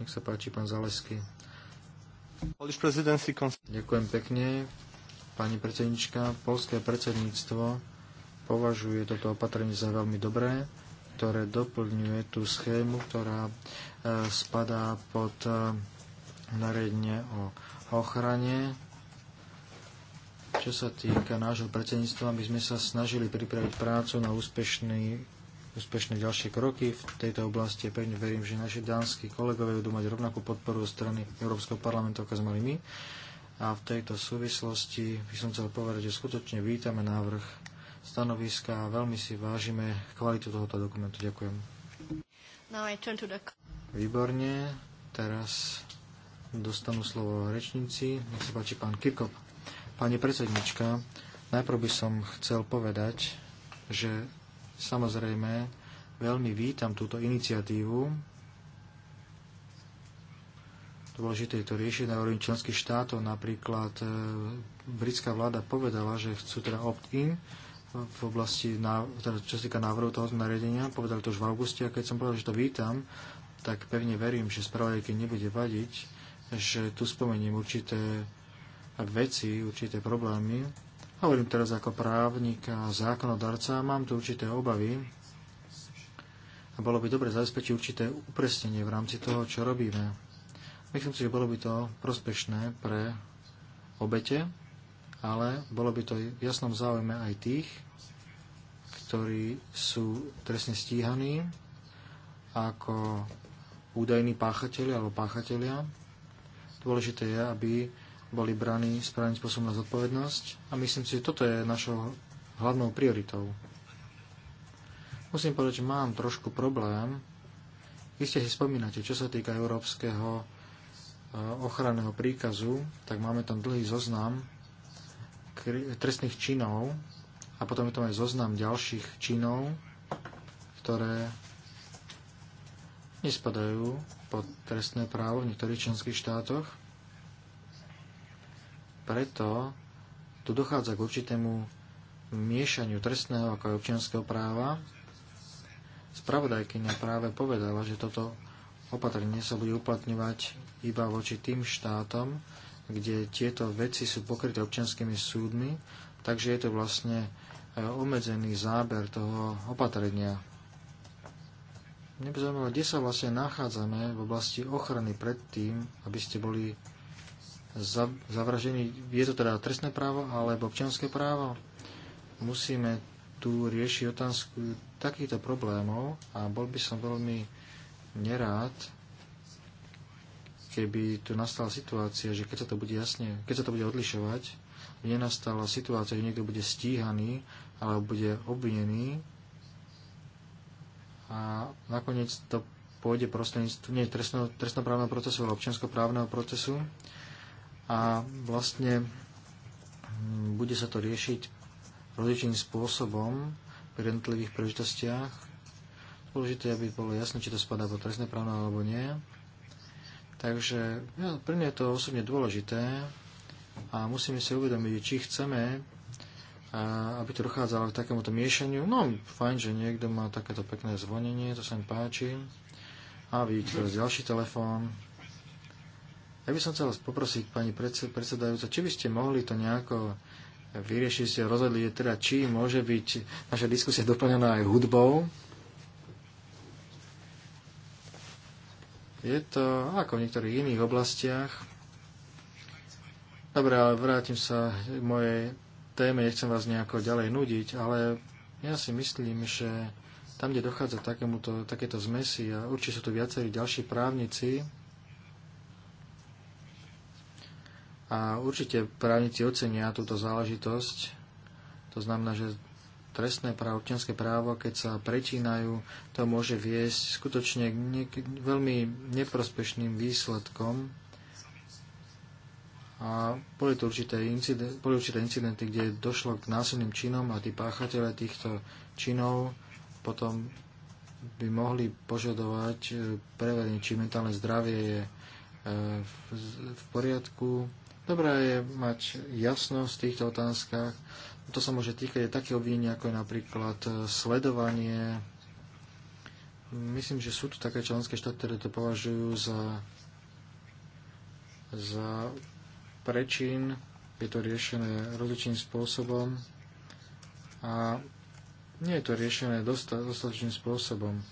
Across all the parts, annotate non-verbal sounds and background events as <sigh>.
Nech sa páči, pán Zalesky. Ďakujem pekne. Pani predsednička, polské predsedníctvo považuje toto opatrenie za veľmi dobré, ktoré doplňuje tú schému, ktorá e, spadá pod e, nariadenie o ochrane. Čo sa týka nášho predsedníctva, my sme sa snažili pripraviť prácu na úspešný úspešné ďalšie kroky v tejto oblasti. Pevne verím, že naši dánsky kolegovia budú mať rovnakú podporu zo strany Európskeho parlamentu, ako sme mali my. A v tejto súvislosti by som chcel povedať, že skutočne vítame návrh stanoviska a veľmi si vážime kvalitu tohoto dokumentu. Ďakujem. The... Výborne. Teraz dostanú slovo rečníci. Nech sa páči pán Kirkop. Pani predsednička, najprv by som chcel povedať, že Samozrejme, veľmi vítam túto iniciatívu. Dôležité je to riešiť na úrovni členských štátov. Napríklad e, britská vláda povedala, že chcú teda opt-in v oblasti, teda čo sa týka návrhu toho nariadenia, povedali to už v auguste a keď som povedal, že to vítam, tak pevne verím, že spravodajke nebude vadiť, že tu spomeniem určité veci, určité problémy, Hovorím teraz ako právnik a zákonodarca, mám tu určité obavy a bolo by dobre zabezpečiť určité upresnenie v rámci toho, čo robíme. Myslím si, že bolo by to prospešné pre obete, ale bolo by to v jasnom záujme aj tých, ktorí sú trestne stíhaní ako údajní páchatelia alebo páchatelia. Dôležité je, aby boli braní správnym spôsobom na zodpovednosť a myslím si, že toto je našou hlavnou prioritou. Musím povedať, že mám trošku problém. ste si spomínate, čo sa týka európskeho e, ochranného príkazu, tak máme tam dlhý zoznam trestných činov a potom je tam aj zoznam ďalších činov, ktoré nespadajú pod trestné právo v niektorých členských štátoch. Preto tu dochádza k určitému miešaniu trestného ako aj občianského práva. spravodajkyňa práve povedala, že toto opatrenie sa bude uplatňovať iba voči tým štátom, kde tieto veci sú pokryté občianskými súdmi, takže je to vlastne e, obmedzený záber toho opatrenia. Mne by zaujímalo, kde sa vlastne nachádzame v oblasti ochrany pred tým, aby ste boli zavraždení. Je to teda trestné právo alebo občianské právo? Musíme tu riešiť otázku takýchto problémov a bol by som veľmi nerád, keby tu nastala situácia, že keď sa to bude jasne, keď sa to bude odlišovať, nenastala situácia, že niekto bude stíhaný alebo bude obvinený a nakoniec to pôjde prostredníctvom nie trestno, trestnoprávneho procesu, ale občianskoprávneho procesu a vlastne hm, bude sa to riešiť rozličným spôsobom pri jednotlivých príležitostiach. Dôležité, aby bolo jasné, či to spadá pod trestné právo alebo nie. Takže ja, pre mňa je to osobne dôležité a musíme si uvedomiť, či chceme a aby to dochádzalo k takémuto miešaniu. No, fajn, že niekto má takéto pekné zvonenie, to sa mi páči. A vidíte, teraz ďalší telefón. Ja by som chcel poprosiť pani predsedajúca, či by ste mohli to nejako vyriešiť, ste rozhodli teda, či môže byť naša diskusia doplnená aj hudbou. Je to ako v niektorých iných oblastiach. Dobre, ale vrátim sa k mojej téme, nechcem vás nejako ďalej nudiť, ale ja si myslím, že tam, kde dochádza takémuto, takéto zmesi, a určite sú tu viacerí ďalší právnici, A určite právnici ocenia túto záležitosť. To znamená, že trestné právo, občianské právo, keď sa prečínajú, to môže viesť skutočne k veľmi neprospešným výsledkom. A boli to určité, incidenty, boli určité incidenty, kde došlo k násilným činom a tí páchatelia týchto činov potom by mohli požadovať e, preverenie, či mentálne zdravie je e, v poriadku, Dobré je mať jasnosť v týchto otázkach. To sa môže týkať aj také obvinenia, ako je napríklad e, sledovanie. Myslím, že sú tu také členské štáty, ktoré to považujú za, za prečin. Je to riešené rozličným spôsobom a nie je to riešené dosta, dostatočným spôsobom.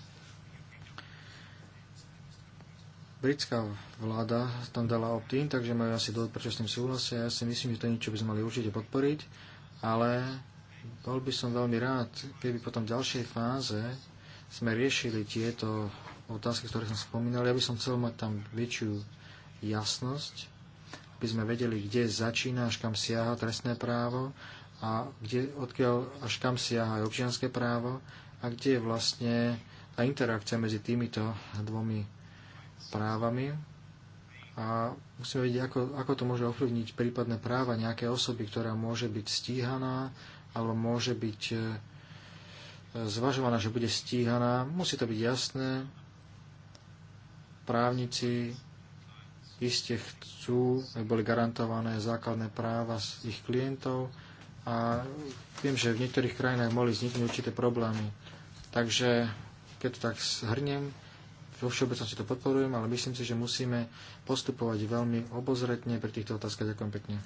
britská vláda tam dala opt-in, takže majú asi dôvod, prečo s tým súhlasia. Ja si myslím, že to je niečo, by sme mali určite podporiť, ale bol by som veľmi rád, keby potom v ďalšej fáze sme riešili tieto otázky, ktoré som spomínal. Ja by som chcel mať tam väčšiu jasnosť, aby sme vedeli, kde začína, až kam siaha trestné právo a kde, odkiaľ až kam siaha aj občianské právo a kde je vlastne tá interakcia medzi týmito dvomi právami a musíme vedieť, ako, ako to môže ovplyvniť prípadné práva nejakej osoby, ktorá môže byť stíhaná alebo môže byť e, zvažovaná, že bude stíhaná. Musí to byť jasné. Právnici iste chcú, aby boli garantované základné práva z ich klientov a viem, že v niektorých krajinách mohli vzniknúť určité problémy. Takže keď to tak shrniem, vo všeobecnosti to podporujem, ale myslím si, že musíme postupovať veľmi obozretne pri týchto otázkach. Ďakujem pekne.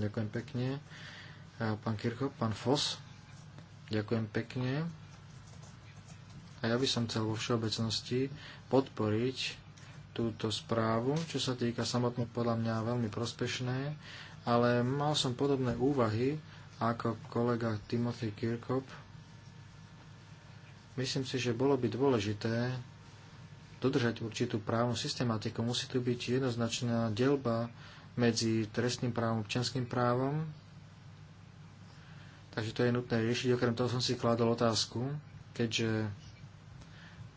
Ďakujem pekne. Pán Kirchhoff, pán Foss, ďakujem pekne. A ja by som chcel vo všeobecnosti podporiť túto správu, čo sa týka samotné podľa mňa veľmi prospešné, ale mal som podobné úvahy ako kolega Timothy Kirkop. Myslím si, že bolo by dôležité dodržať určitú právnu systematiku. Musí tu byť jednoznačná delba medzi trestným právom a občianským právom. Takže to je nutné riešiť. Okrem toho som si kladol otázku, keďže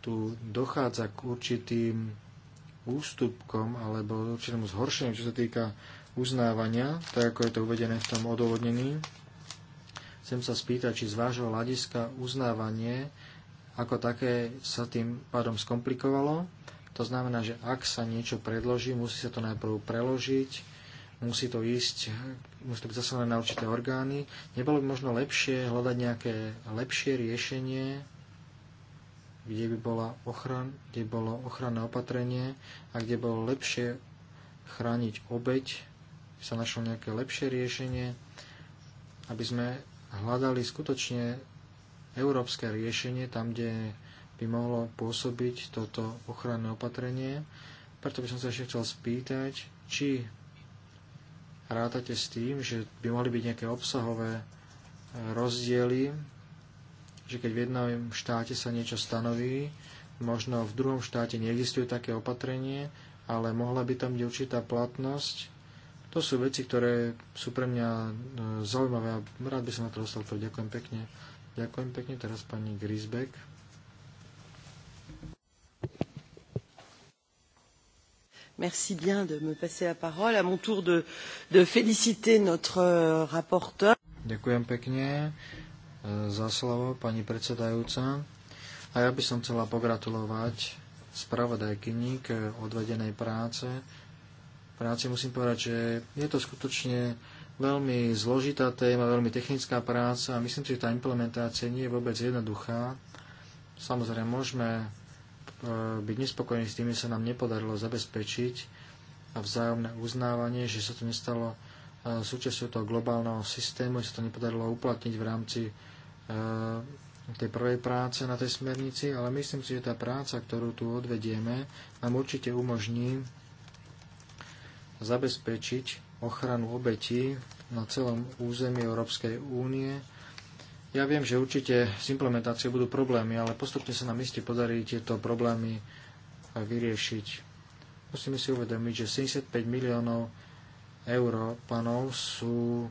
tu dochádza k určitým ústupkom alebo určitému zhoršeniu, čo sa týka uznávania, tak ako je to uvedené v tom odôvodnení. Chcem sa spýtať, či z vášho hľadiska uznávanie ako také sa tým pádom skomplikovalo. To znamená, že ak sa niečo predloží, musí sa to najprv preložiť, musí to ísť, musí to byť zaslané na určité orgány. Nebolo by možno lepšie hľadať nejaké lepšie riešenie, kde by bola ochran, kde bolo ochranné opatrenie a kde bolo lepšie chrániť obeď, sa našlo nejaké lepšie riešenie, aby sme hľadali skutočne európske riešenie tam, kde by mohlo pôsobiť toto ochranné opatrenie. Preto by som sa ešte chcel spýtať, či rátate s tým, že by mohli byť nejaké obsahové e, rozdiely, že keď v jednom štáte sa niečo stanoví, možno v druhom štáte neexistuje také opatrenie, ale mohla by tam byť určitá platnosť. To sú veci, ktoré sú pre mňa e, zaujímavé a rád by som na to dostal. Ďakujem pekne. Ďakujem pekne. Teraz pani Grisbeck. Merci bien de me passer la parole. À mon tour de, de féliciter notre euh, rapporteur. Ďakujem pekne euh, za slovo, pani predsedajúca. A ja by som chcela pogratulovať spravodajkyni k odvedenej práce. Práci musím povedať, že je to skutočne veľmi zložitá téma, veľmi technická práca a myslím si, že tá implementácia nie je vôbec jednoduchá. Samozrejme, môžeme e, byť nespokojní s tým, že sa nám nepodarilo zabezpečiť a vzájomné uznávanie, že sa to nestalo e, súčasťou toho globálneho systému, že sa to nepodarilo uplatniť v rámci e, tej prvej práce na tej smernici, ale myslím si, že tá práca, ktorú tu odvedieme, nám určite umožní zabezpečiť ochranu obetí na celom území Európskej únie. Ja viem, že určite s implementáciou budú problémy, ale postupne sa nám iste podarí tieto problémy vyriešiť. Musíme si uvedomiť, že 75 miliónov panov sú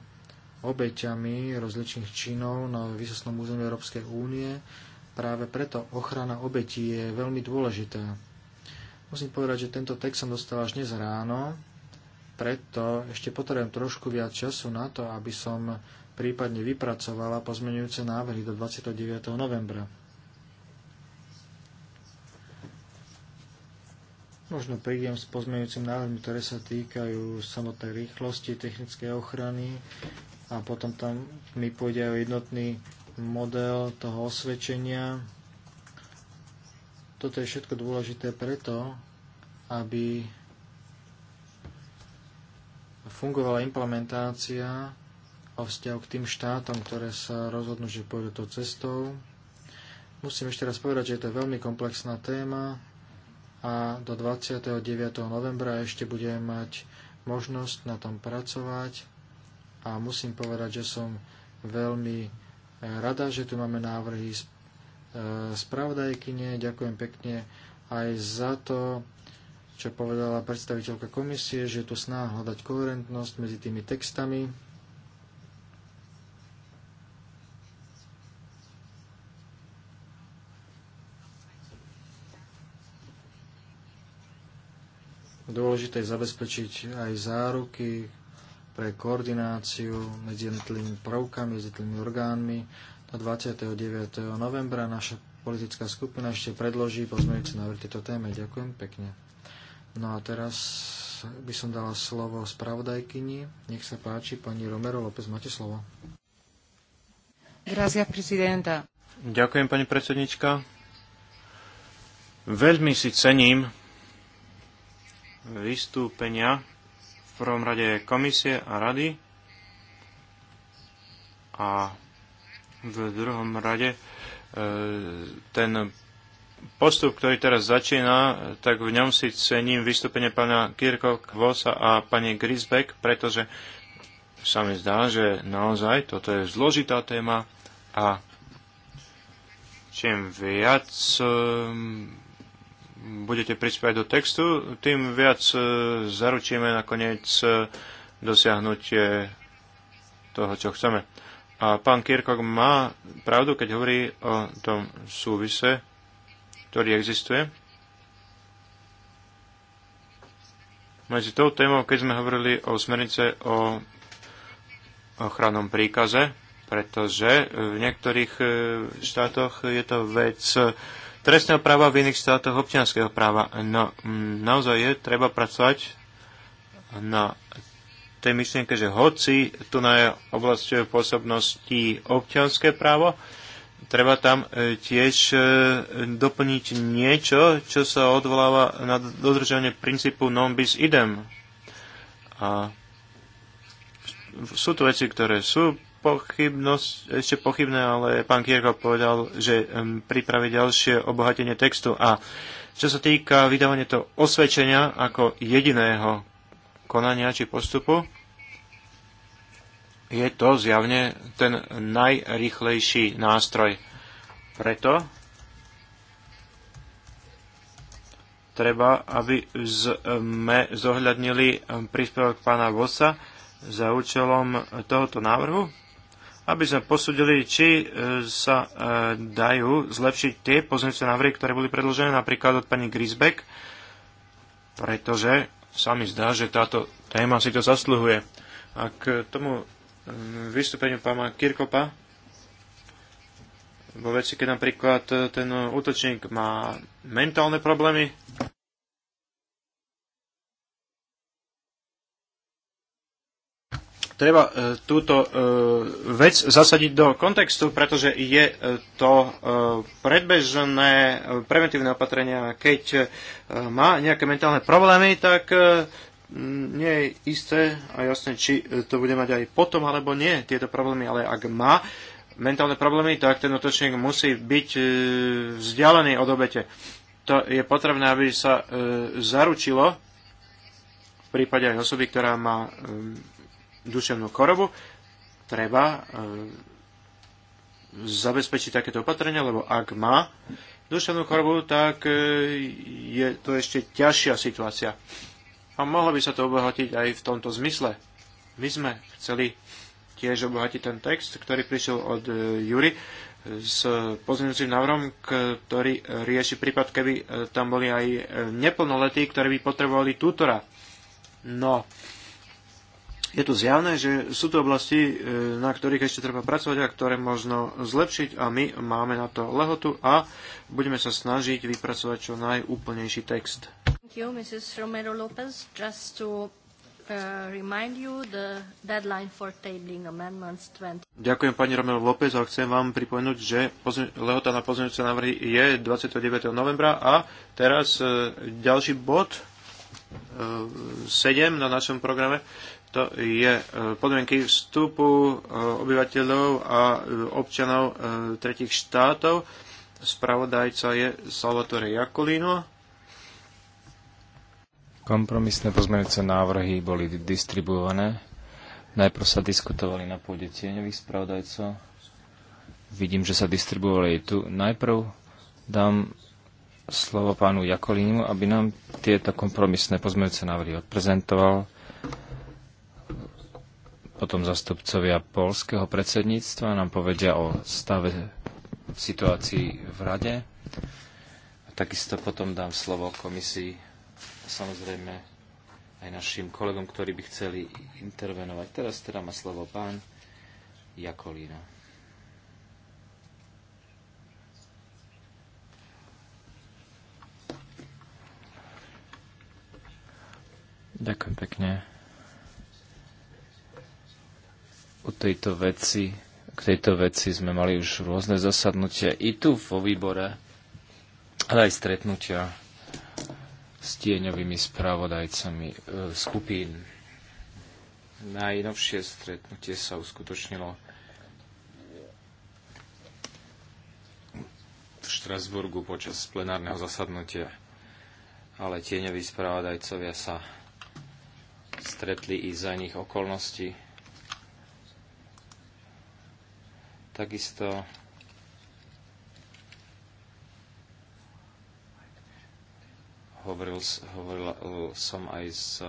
obeťami rozličných činov na výsostnom území Európskej únie. Práve preto ochrana obetí je veľmi dôležitá. Musím povedať, že tento text som dostal až dnes ráno preto ešte potrebujem trošku viac času na to, aby som prípadne vypracovala pozmenujúce návrhy do 29. novembra. Možno prídem s pozmenujúcim návrhom, ktoré sa týkajú samotnej rýchlosti, technickej ochrany a potom tam mi pôjde aj jednotný model toho osvedčenia. Toto je všetko dôležité preto, aby fungovala implementácia o vzťahu k tým štátom, ktoré sa rozhodnú, že pôjdu tou cestou. Musím ešte raz povedať, že je to veľmi komplexná téma a do 29. novembra ešte budem mať možnosť na tom pracovať a musím povedať, že som veľmi eh, rada, že tu máme návrhy eh, spravodajkyne. Ďakujem pekne aj za to, čo povedala predstaviteľka komisie, že je tu snaha hľadať koherentnosť medzi tými textami. Dôležité je zabezpečiť aj záruky pre koordináciu medzi jednotlivými prvkami, jednotlivými orgánmi. na 29. novembra naša politická skupina ešte predloží pozmeňujúce návrh tejto téme. Ďakujem pekne. No a teraz by som dala slovo spravodajkyni. Nech sa páči, pani Romero López, máte slovo. Gracias, prezidenta. Ďakujem, pani predsednička. Veľmi si cením vystúpenia v prvom rade komisie a rady a v druhom rade e, ten postup, ktorý teraz začína, tak v ňom si cením vystúpenie pána Kirkok, Vosa a pani Grisbeck, pretože sa mi zdá, že naozaj toto je zložitá téma a čím viac ehm, budete prispievať do textu, tým viac e, zaručíme nakoniec e, dosiahnutie toho, čo chceme. A pán Kirkok má pravdu, keď hovorí o tom súvise ktorý existuje. Medzi tou témou, keď sme hovorili o smernice o ochrannom príkaze, pretože v niektorých e, štátoch je to vec trestného práva, v iných štátoch občianského práva. No, naozaj je treba pracovať na tej myšlienke, že hoci tu na je oblasti pôsobnosti občianské právo, treba tam e, tiež e, doplniť niečo, čo sa odvoláva na dodržanie princípu non bis idem. A sú tu veci, ktoré sú pochybnosť, ešte pochybné, ale pán Kierko povedal, že pripraví ďalšie obohatenie textu. A čo sa týka vydávania toho osvedčenia ako jediného konania či postupu, je to zjavne ten najrychlejší nástroj. Preto treba, aby sme zohľadnili príspevok pána Vosa za účelom tohoto návrhu, aby sme posudili, či e, sa e, dajú zlepšiť tie pozemce návrhy, ktoré boli predložené napríklad od pani Grisbeck, pretože sa mi zdá, že táto téma si to zasluhuje. A k tomu vystúpeniu pána Kirkopa vo veci, keď napríklad e, ten útočník má mentálne problémy. Treba e, túto e, vec zasadiť do kontextu, pretože je to predbežné preventívne opatrenia. Keď má nejaké mentálne problémy, tak nie je isté a jasné, či to bude mať aj potom alebo nie tieto problémy, ale ak má mentálne problémy, tak ten útočník musí byť e, vzdialený od obete. To je potrebné, aby sa e, zaručilo v prípade aj osoby, ktorá má e, duševnú chorobu, treba zabezpečiť takéto opatrenia, lebo ak má duševnú chorobu, tak je to ešte ťažšia situácia. A mohlo by sa to obohatiť aj v tomto zmysle. My sme chceli tiež obohatiť ten text, ktorý prišiel od e, Jury s pozmeňujúcim návrhom, ktorý rieši prípad, keby e, tam boli aj e, neplnoletí, ktorí by potrebovali tútora. No, je tu zjavné, že sú to oblasti, e, na ktorých ešte treba pracovať a ktoré možno zlepšiť a my máme na to lehotu a budeme sa snažiť vypracovať čo najúplnejší text. Thank you, Mrs. Romero Lopez. Just to e, remind you the deadline for tabling amendments 20. Ďakujem pani Romero López a chcem vám pripomenúť, že lehota na pozmeňujúce návrhy je 29. novembra a teraz e, ďalší bod uh, 7 na našom programe to je e, podmienky vstupu e, obyvateľov a e, občanov tretich štátov. Spravodajca je Salvatore Jakolino. Kompromisné pozmeňujúce návrhy boli distribuované. Najprv sa diskutovali na pôde tieňových spravodajcov. Vidím, že sa distribuovali aj tu. Najprv dám slovo pánu Jakolínu, aby nám tieto kompromisné pozmeňujúce návrhy odprezentoval potom zastupcovia polského predsedníctva nám povedia o stave situácii v rade. A takisto potom dám slovo komisii a samozrejme aj našim kolegom, ktorí by chceli intervenovať. Teraz teda má slovo pán Jakolína. Ďakujem pekne. tejto veci, k tejto veci sme mali už rôzne zasadnutia i tu vo výbore, ale aj stretnutia s tieňovými spravodajcami e, skupín. Najnovšie stretnutie sa uskutočnilo v Štrasburgu počas plenárneho zasadnutia, ale tieňoví správodajcovia sa stretli i za iných okolností takisto hovoril, hovoril eh, som aj so,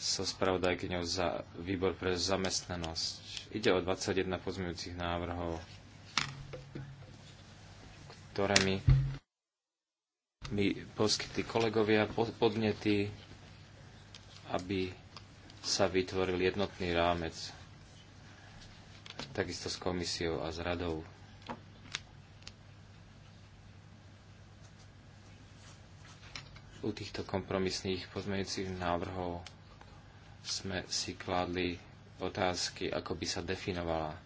so spravodajkyňou za výbor pre zamestnanosť. Ide o 21 pozmeňujúcich návrhov, ktoré mi, mi poskytli kolegovia podnety, aby sa vytvoril jednotný rámec takisto s komisiou a s radou. U týchto kompromisných pozmeňujúcich návrhov sme si kládli otázky, ako by sa definovala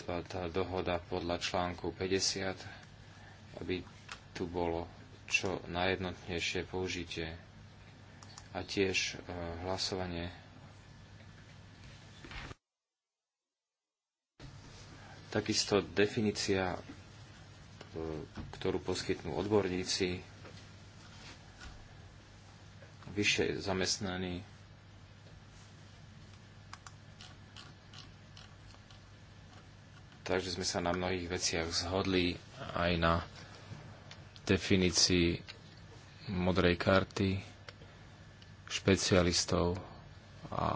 tá, tá dohoda podľa článku 50, aby tu bolo čo najjednotnejšie použitie a tiež e, hlasovanie Takisto definícia, e, ktorú poskytnú odborníci, vyššie zamestnaní, takže sme sa na mnohých veciach zhodli aj na definícii modrej karty, špecialistov a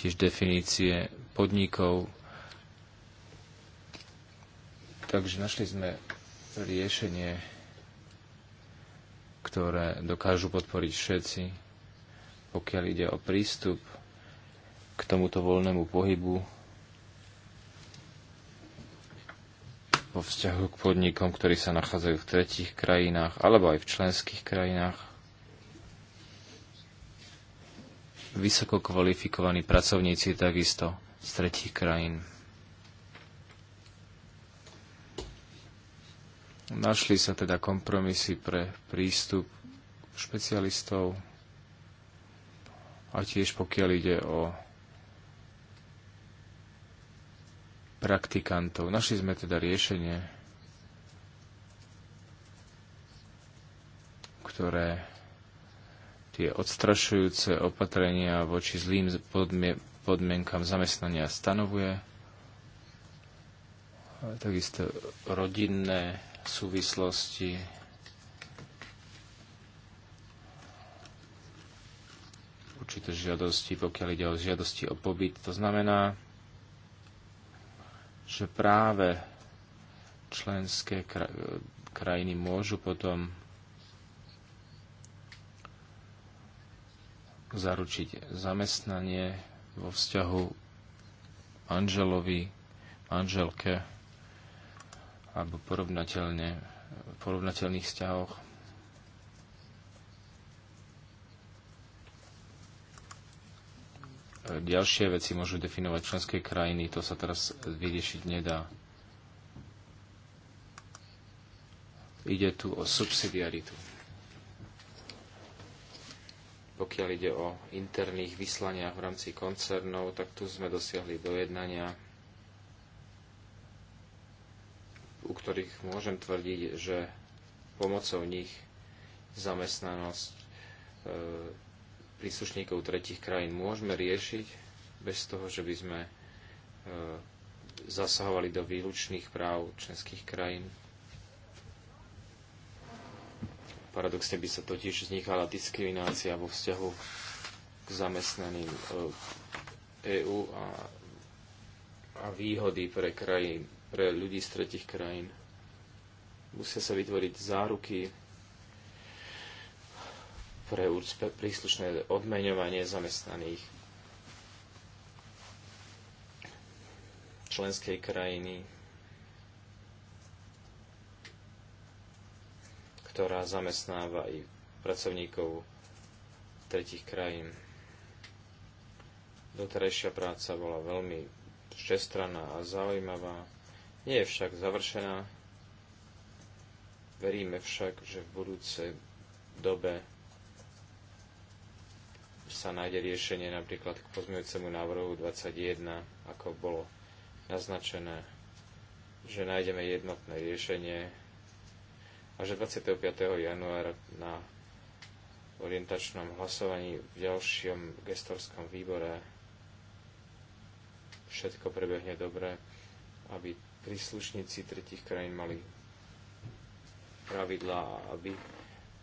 tiež definície podnikov. Takže našli sme riešenie, ktoré dokážu podporiť všetci, pokiaľ ide o prístup k tomuto voľnému pohybu vo vzťahu k podnikom, ktorí sa nachádzajú v tretich krajinách alebo aj v členských krajinách. Vysoko kvalifikovaní pracovníci takisto z tretích krajín. Našli sa teda kompromisy pre prístup špecialistov a tiež pokiaľ ide o praktikantov. Našli sme teda riešenie, ktoré tie odstrašujúce opatrenia voči zlým podmien- podmienkam zamestnania stanovuje. Takisto rodinné súvislosti. Určité žiadosti, pokiaľ ide o žiadosti o pobyt. To znamená, že práve členské krajiny môžu potom zaručiť zamestnanie vo vzťahu manželovi, manželke alebo porovnateľne, porovnateľných vzťahoch. E, ďalšie veci môžu definovať členské krajiny, to sa teraz vyriešiť nedá. Ide tu o subsidiaritu. Pokiaľ ide o interných vyslaniach v rámci koncernov, tak tu sme dosiahli dojednania, u ktorých môžem tvrdiť, že pomocou nich zamestnanosť e, príslušníkov tretich krajín môžeme riešiť bez toho, že by sme e, zasahovali do výlučných práv členských krajín Paradoxne by sa totiž vznikala diskriminácia vo vzťahu k zamestnaným EÚ eh, e a, a výhody pre, krajín, pre ľudí z tretich krajín. Musia sa vytvoriť záruky pre príslušné odmeňovanie zamestnaných členskej krajiny ktorá zamestnáva i pracovníkov tretich krajín. Doterajšia práca bola veľmi všestranná a zaujímavá, nie je však završená. Veríme však, že v budúcej dobe sa nájde riešenie napríklad k pozmeňujúcemu návrhu 21, ako bolo naznačené, že nájdeme jednotné riešenie a že 25. januára na orientačnom hlasovaní v ďalšom gestorskom výbore všetko prebehne dobre, aby príslušníci tretich krajín mali pravidlá, aby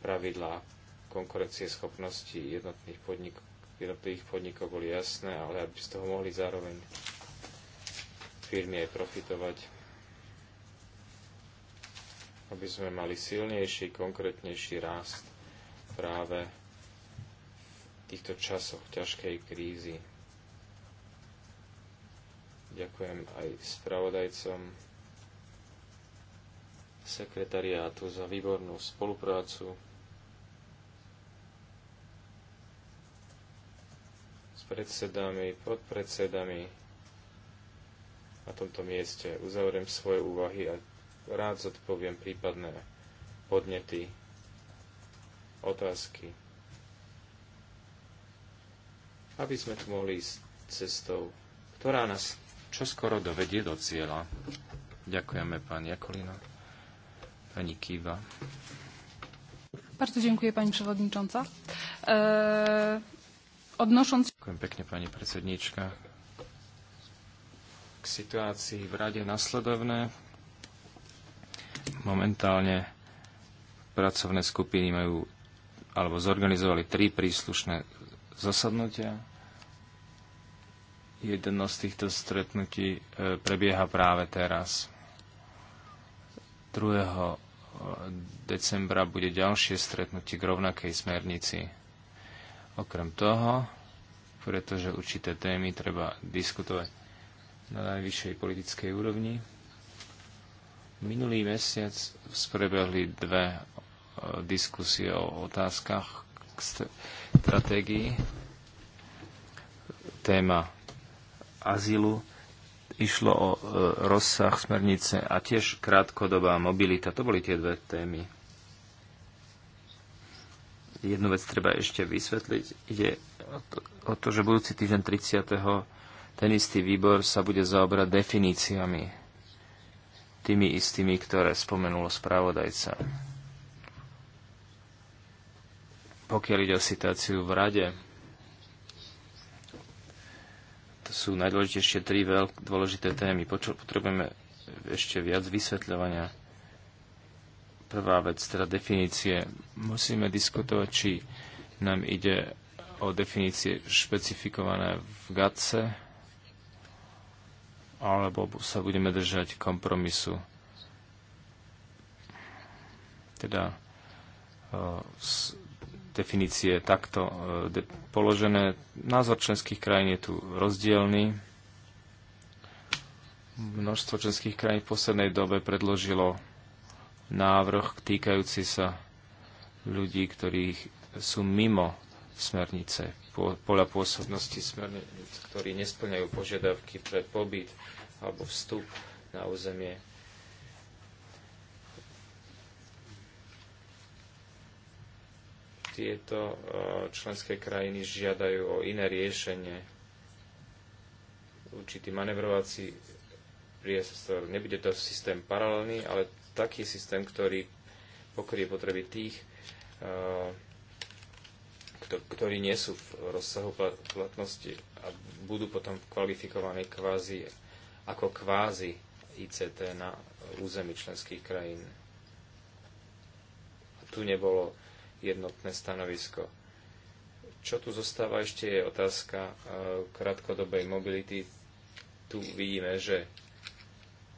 pravidlá konkurencie schopnosti jednotných podnikov, jednotlivých podnikov boli jasné, ale aby z toho mohli zároveň firmy aj profitovať aby sme mali silnejší, konkrétnejší rast práve v týchto časoch ťažkej krízy. Ďakujem aj spravodajcom sekretariátu za výbornú spoluprácu. s predsedami, podpredsedami. Na tomto mieste uzavriem svoje úvahy a rád zodpoviem prípadné podnety, otázky, aby sme tu mohli ísť cestou, ktorá nás čoskoro dovedie do cieľa. Ďakujeme pán Jakolina, pani Kýva. Bardzo dziękuję pani przewodnicząca. Eee, odnosząc... Dziękuję pięknie, pani predsedníčka. K sytuacji w Radzie nasledowne. Momentálne pracovné skupiny majú alebo zorganizovali tri príslušné zasadnutia. Jedno z týchto stretnutí e, prebieha práve teraz. 2. E, decembra bude ďalšie stretnutie k rovnakej smernici. Okrem toho, pretože určité témy treba diskutovať na najvyššej politickej úrovni, Minulý mesiac sprebehli dve e, diskusie o otázkach k stratégii. Téma azylu išlo o e, rozsah smernice a tiež krátkodobá mobilita. To boli tie dve témy. Jednu vec treba ešte vysvetliť. Ide o to, o to že budúci týždeň 30. ten istý výbor sa bude zaoberať definíciami tými istými, ktoré spomenulo spravodajca. Pokiaľ ide o situáciu v rade, to sú najdôležitejšie tri veľk, dôležité témy. Počul, potrebujeme ešte viac vysvetľovania. Prvá vec, teda definície. Musíme diskutovať, či nám ide o definície špecifikované v GATSE, alebo sa budeme držať kompromisu. Teda z e, definície takto e, položené. Názor členských krajín je tu rozdielný. Množstvo členských krajín v poslednej dobe predložilo návrh týkajúci sa ľudí, ktorí sú mimo smernice pola pôsobnosti smerníc, ktorí nesplňajú požiadavky pre pobyt alebo vstup na územie. Tieto e, členské krajiny žiadajú o iné riešenie. Určitý manevrovací priestor. Nebude to systém paralelný, ale taký systém, ktorý pokrie potreby tých uh, ktorí nie sú v rozsahu platnosti a budú potom kvalifikované kvázi, ako kvázi ICT na území členských krajín. Tu nebolo jednotné stanovisko. Čo tu zostáva ešte je otázka e, krátkodobej mobility. Tu vidíme, že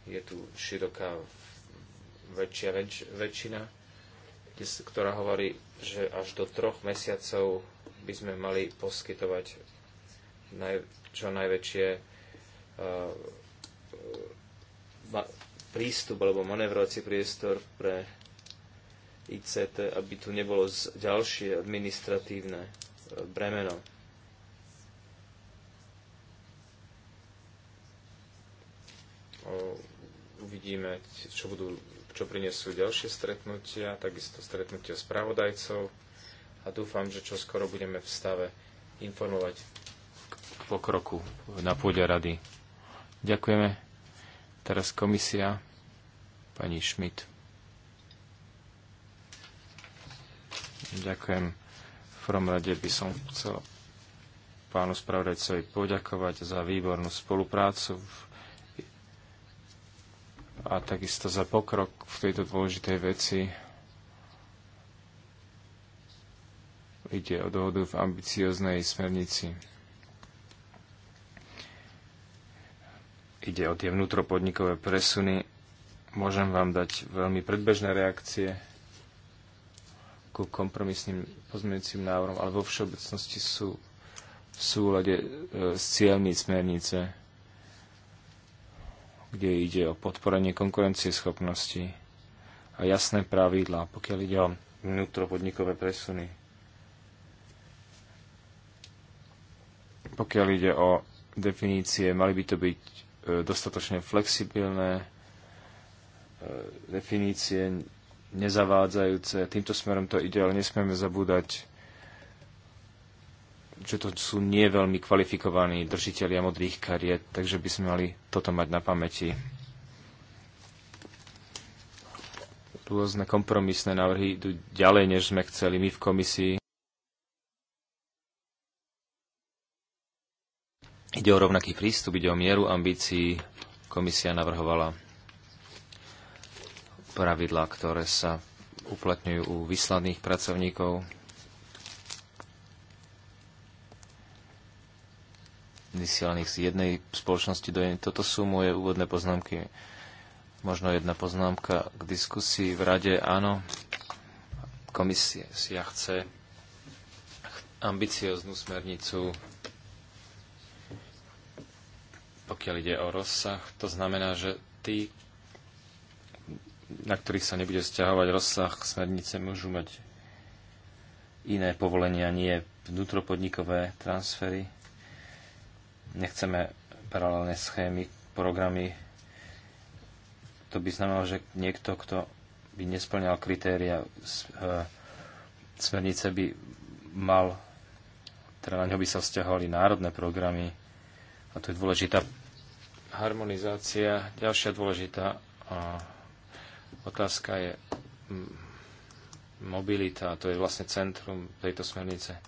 je tu široká väčšia väč, väčšina ktorá hovorí, že až do troch mesiacov by sme mali poskytovať naj, čo najväčšie uh, prístup alebo manevrovací priestor pre ICT, aby tu nebolo ďalšie administratívne eh, bremeno. Uvidíme, čo budú čo prinesú ďalšie stretnutia, takisto stretnutia spravodajcov a dúfam, že čo skoro budeme v stave informovať k pokroku na pôde rady. Ďakujeme. Teraz komisia, pani Šmit. Ďakujem. V prvom rade by som chcel pánu spravodajcovi poďakovať za výbornú spoluprácu v a takisto za pokrok v tejto dôležitej veci. Ide o dohodu v ambicioznej smernici. Ide o tie vnútropodnikové presuny. Môžem vám dať veľmi predbežné reakcie ku kompromisným pozmeňujúcim návrhom, ale vo všeobecnosti sú v súlade e, s cieľmi smernice kde ide o podporenie konkurencieschopnosti a jasné pravidlá, pokiaľ ide o vnútropodnikové presuny. Pokiaľ ide o definície, mali by to byť e, dostatočne flexibilné e, definície, nezavádzajúce. Týmto smerom to ide, ale nesmieme zabúdať že to sú nie veľmi kvalifikovaní držiteľia modrých kariet, takže by sme mali toto mať na pamäti. Rôzne kompromisné návrhy idú ďalej, než sme chceli my v komisii. Ide o rovnaký prístup, ide o mieru ambícií. Komisia navrhovala pravidlá, ktoré sa uplatňujú u vyslaných pracovníkov vysielaných z jednej spoločnosti do jednej. Toto sú moje úvodné poznámky. Možno jedna poznámka k diskusii v rade. Áno, komisie si ja chce ambicioznú smernicu, pokiaľ ide o rozsah. To znamená, že tí, na ktorých sa nebude vzťahovať rozsah smernice, môžu mať iné povolenia, nie vnútropodnikové transfery nechceme paralelné schémy, programy. To by znamenalo, že niekto, kto by nesplňal kritéria e, smernice, by mal, teda na ňo by sa vzťahovali národné programy. A to je dôležitá harmonizácia. Ďalšia dôležitá otázka je mobilita. To je vlastne centrum tejto smernice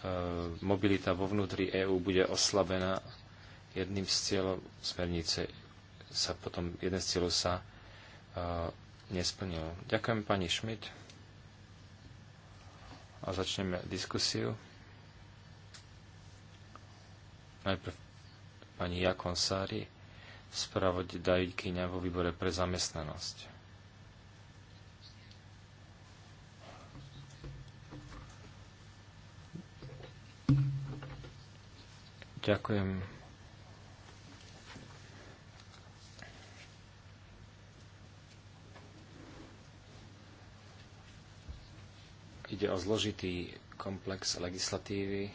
E, mobilita vo vnútri EÚ bude oslabená. Jedným z cieľov smernice sa potom, jeden z cieľov sa e, nesplnil. Ďakujem pani Schmidt a začneme diskusiu. Najprv pani Jakon Sári spravodajkyňa vo výbore pre zamestnanosť. Ďakujem. Ide o zložitý komplex legislatívy.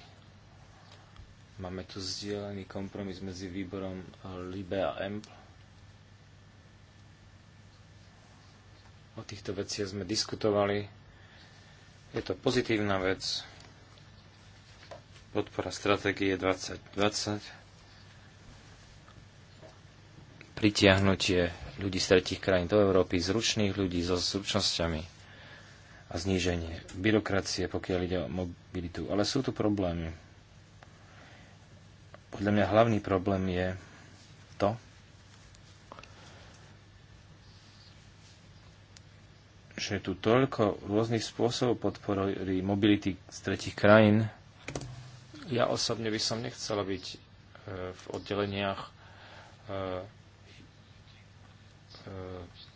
Máme tu zdieľaný kompromis medzi výborom LIBE a EMP. O týchto veciach sme diskutovali. Je to pozitívna vec podpora stratégie 2020, pritiahnutie ľudí z tretich krajín do Európy, zručných ľudí so zručnosťami a zníženie byrokracie, pokiaľ ide o mobilitu. Ale sú tu problémy. Podľa mňa hlavný problém je to, že je tu toľko rôznych spôsobov podpory mobility z tretich krajín, ja osobne by som nechcela byť e, v oddeleniach e, e,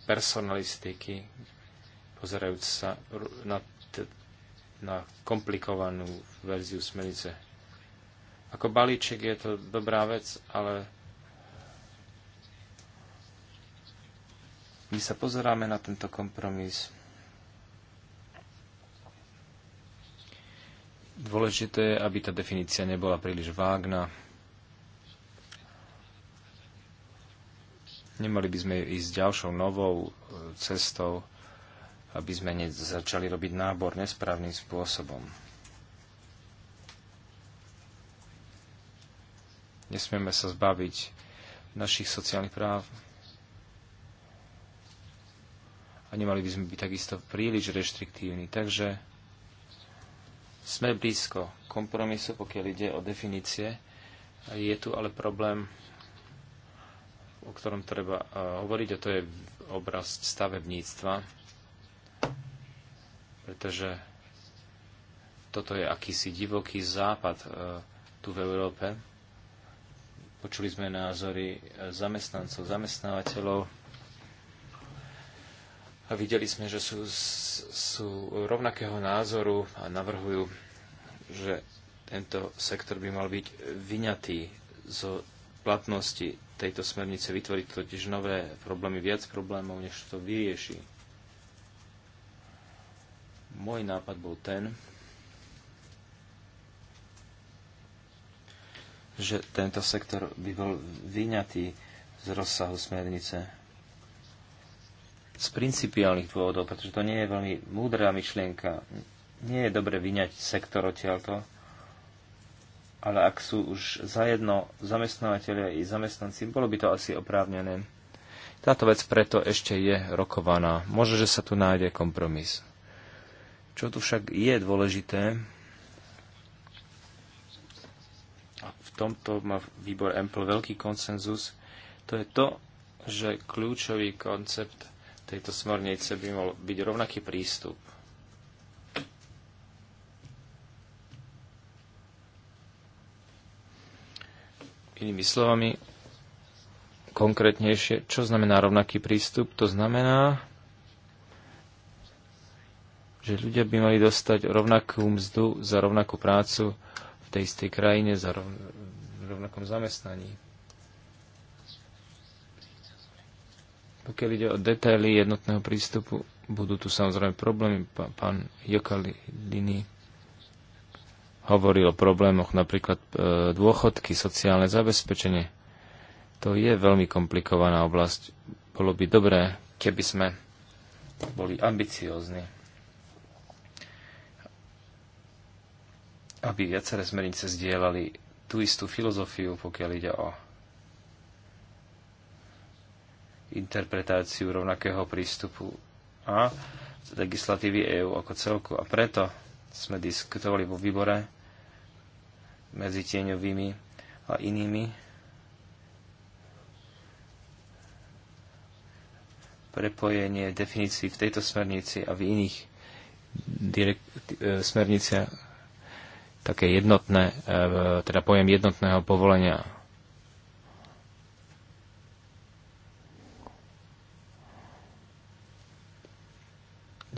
personalistiky, pozerajúc sa na, na komplikovanú verziu smernice. Ako balíček je to dobrá vec, ale my sa pozeráme na tento kompromis Dôležité je, aby tá definícia nebola príliš vágna. Nemali by sme ísť ďalšou novou e, cestou, aby sme začali robiť nábor nesprávnym spôsobom. Nesmieme sa zbaviť našich sociálnych práv a nemali by sme byť takisto príliš reštriktívni. Takže sme blízko kompromisu, pokiaľ ide o definície. Je tu ale problém, o ktorom treba eh, hovoriť, a to je obraz stavebníctva, pretože toto je akýsi divoký západ eh, tu v Európe. Počuli sme názory eh, zamestnancov, zamestnávateľov, a videli sme, že sú, sú rovnakého názoru a navrhujú, že tento sektor by mal byť vyňatý zo platnosti tejto smernice, vytvoriť totiž nové problémy, viac problémov, než to vyrieši. Môj nápad bol ten, že tento sektor by bol vyňatý z rozsahu smernice z principiálnych dôvodov, pretože to nie je veľmi múdrá myšlienka. Nie je dobre vyňať sektor odtiaľto, ale ak sú už zajedno zamestnávateľe i zamestnanci, bolo by to asi oprávnené. Táto vec preto ešte je rokovaná. Môže, že sa tu nájde kompromis. Čo tu však je dôležité, a v tomto má výbor Ample veľký konsenzus, to je to, že kľúčový koncept tejto smernice by mal byť rovnaký prístup. Inými slovami, konkrétnejšie, čo znamená rovnaký prístup? To znamená, že ľudia by mali dostať rovnakú mzdu za rovnakú prácu v tej istej krajine, za rovnakom zamestnaní. Pokiaľ ide o detaily jednotného prístupu, budú tu samozrejme problémy. Pán Jokalini hovoril o problémoch napríklad e, dôchodky, sociálne zabezpečenie. To je veľmi komplikovaná oblasť. Bolo by dobré, keby sme boli ambiciózni. Aby viaceré smernice zdieľali tú istú filozofiu, pokiaľ ide o interpretáciu rovnakého prístupu a legislatívy EÚ ako celku. A preto sme diskutovali vo výbore medzi tieňovými a inými prepojenie definícií v tejto smernici a v iných direkt, e, smerniciach také jednotné, e, teda pojem jednotného povolenia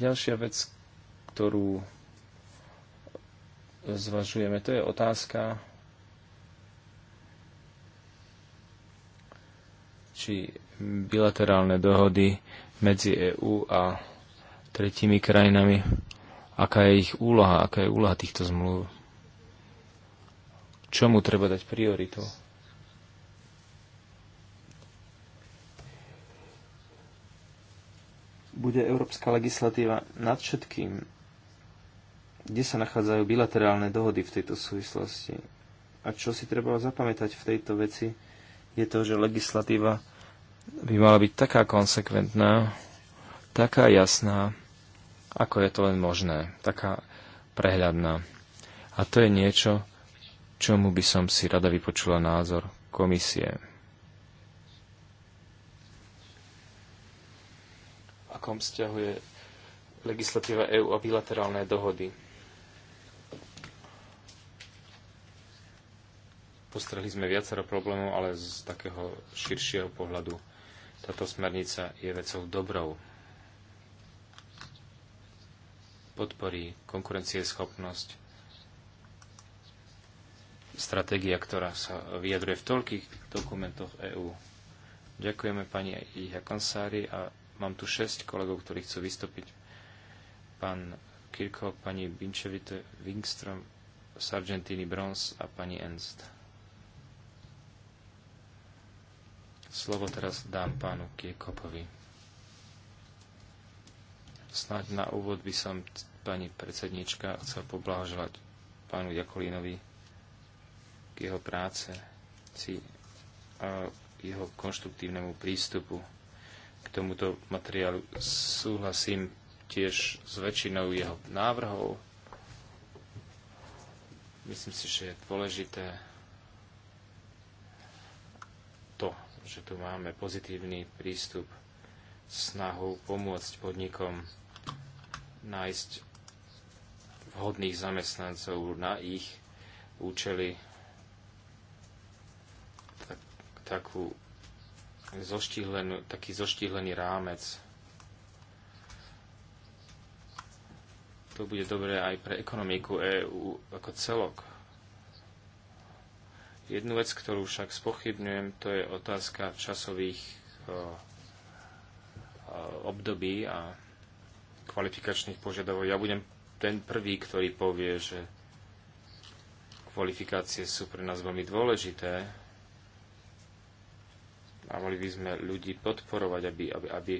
Ďalšia vec, ktorú zvažujeme, to je otázka, či bilaterálne dohody medzi EÚ a tretími krajinami, aká je ich úloha, aká je úloha týchto zmluv, čomu treba dať prioritu. bude európska legislatíva nad všetkým? Kde sa nachádzajú bilaterálne dohody v tejto súvislosti? A čo si treba zapamätať v tejto veci, je to, že legislatíva by mala byť taká konsekventná, taká jasná, ako je to len možné, taká prehľadná. A to je niečo, čomu by som si rada vypočula názor komisie. akom vzťahuje legislatíva EÚ a bilaterálne dohody. Postrehli sme viacero problémov, ale z takého širšieho pohľadu táto smernica je vecou dobrou. Podporí konkurencieschopnosť stratégia, ktorá sa vyjadruje v toľkých dokumentoch EÚ. Ďakujeme pani Kansári a Mám tu šesť kolegov, ktorí chcú vystúpiť. Pán Kirko, pani Binčevite, Wingstrom, Sargentini Bronze a pani Enst. Slovo teraz dám pánu Kirkopovi. Snáď na úvod by som pani predsednička chcel poblahoželať pánu Jakolínovi k jeho práce, si, a jeho konštruktívnemu prístupu k tomuto materiálu súhlasím tiež s väčšinou jeho návrhov. Myslím si, že je dôležité to, že tu máme pozitívny prístup, snahu pomôcť podnikom nájsť vhodných zamestnancov na ich účely tak, takú taký zoštíhlený rámec. To bude dobré aj pre ekonomiku EÚ ako celok. Jednu vec, ktorú však spochybňujem, to je otázka časových o, o, období a kvalifikačných požiadavok. Ja budem ten prvý, ktorý povie, že kvalifikácie sú pre nás veľmi dôležité, a mali by sme ľudí podporovať, aby, aby, aby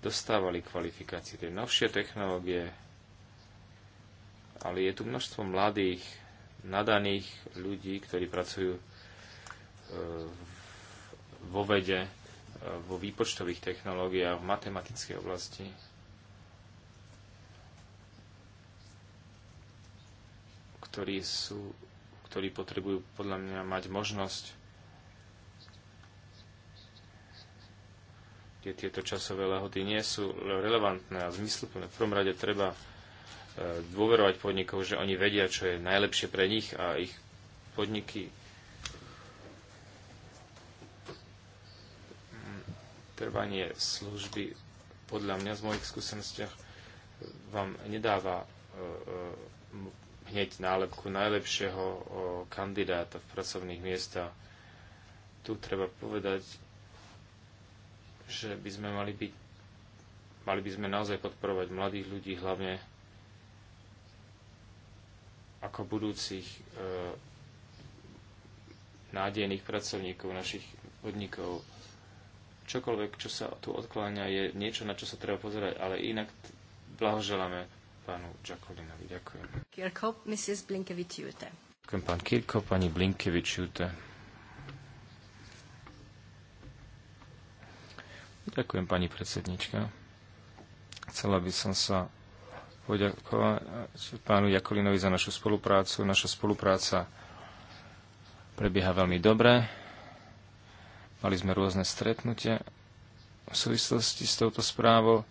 dostávali kvalifikácie, tie novšie technológie, ale je tu množstvo mladých, nadaných ľudí, ktorí pracujú e, vo vede, e, vo výpočtových technológiách, v matematickej oblasti. ktorí, sú, ktorí potrebujú podľa mňa mať možnosť kde tieto časové lehoty nie sú relevantné a zmysluplné. V prvom rade treba e, dôverovať podnikov, že oni vedia, čo je najlepšie pre nich a ich podniky trvanie služby podľa mňa z mojich skúsenostiach e, vám nedáva e, hneď nálepku najlepšieho kandidáta v pracovných miestach. Tu treba povedať, že by sme mali byť, mali by sme naozaj podporovať mladých ľudí, hlavne ako budúcich e, nádejných pracovníkov našich podnikov. Čokoľvek, čo sa tu odkláňa, je niečo, na čo sa treba pozerať, ale inak blahoželáme pánu Jacolinovi. Ďakujem. Kirko, Mrs. Blinkevičiute. Ďakujem pán Kirko, pani Blinkevičiute. Ďakujem, pani predsednička. Chcela by som sa poďakovať pánu Jakolinovi za našu spoluprácu. Naša spolupráca prebieha veľmi dobre. Mali sme rôzne stretnutia v súvislosti s touto správou.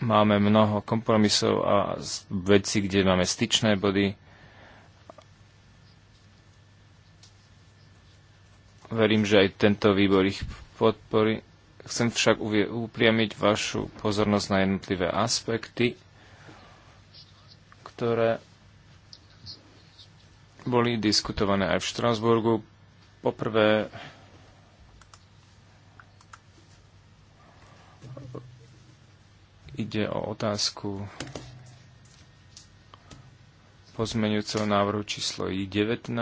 Máme mnoho kompromisov a veci, kde máme styčné body. Verím, že aj tento výbor ich podporí. Chcem však upriamiť vašu pozornosť na jednotlivé aspekty, ktoré boli diskutované aj v Štrasburgu. Poprvé ide o otázku pozmeňujúceho návrhu číslo I19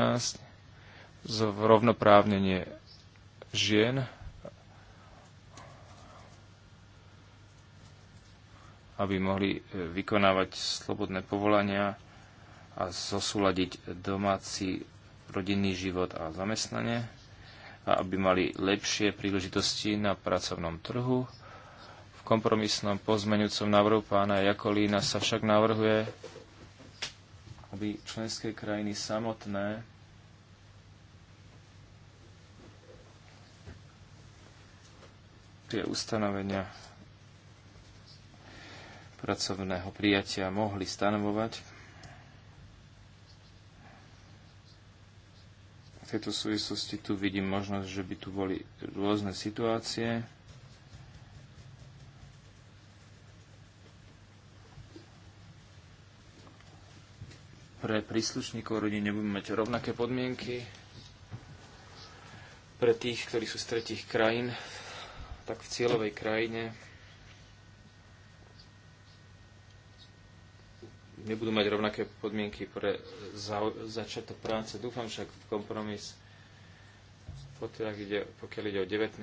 zrovnoprávnenie žien, aby mohli e, vykonávať slobodné povolania a zosúľadiť domáci rodinný život a zamestnanie a aby mali lepšie príležitosti na pracovnom trhu. V kompromisnom pozmeňujúcom návrhu pána Jakolína sa však navrhuje, aby členské krajiny samotné tie ustanovenia pracovného prijatia mohli stanovovať. V tejto súvislosti tu vidím možnosť, že by tu boli rôzne situácie. Pre príslušníkov rodiny nebudeme mať rovnaké podmienky. Pre tých, ktorí sú z tretich krajín, v tak v cieľovej krajine nebudú mať rovnaké podmienky pre za, začiatok práce. Dúfam však v kompromis, pokiaľ ide, pokiaľ ide o 19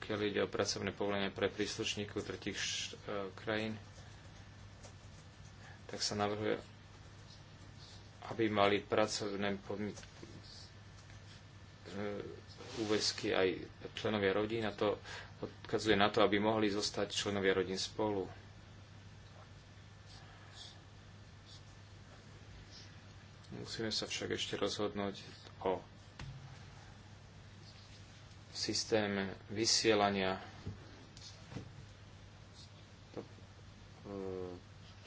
pokiaľ ide o pracovné povolenie pre príslušníkov tretich e, krajín, tak sa navrhuje, aby mali pracovné e, úväzky aj členovia rodín a to odkazuje na to, aby mohli zostať členovia rodín spolu. Musíme sa však ešte rozhodnúť o systéme vysielania e,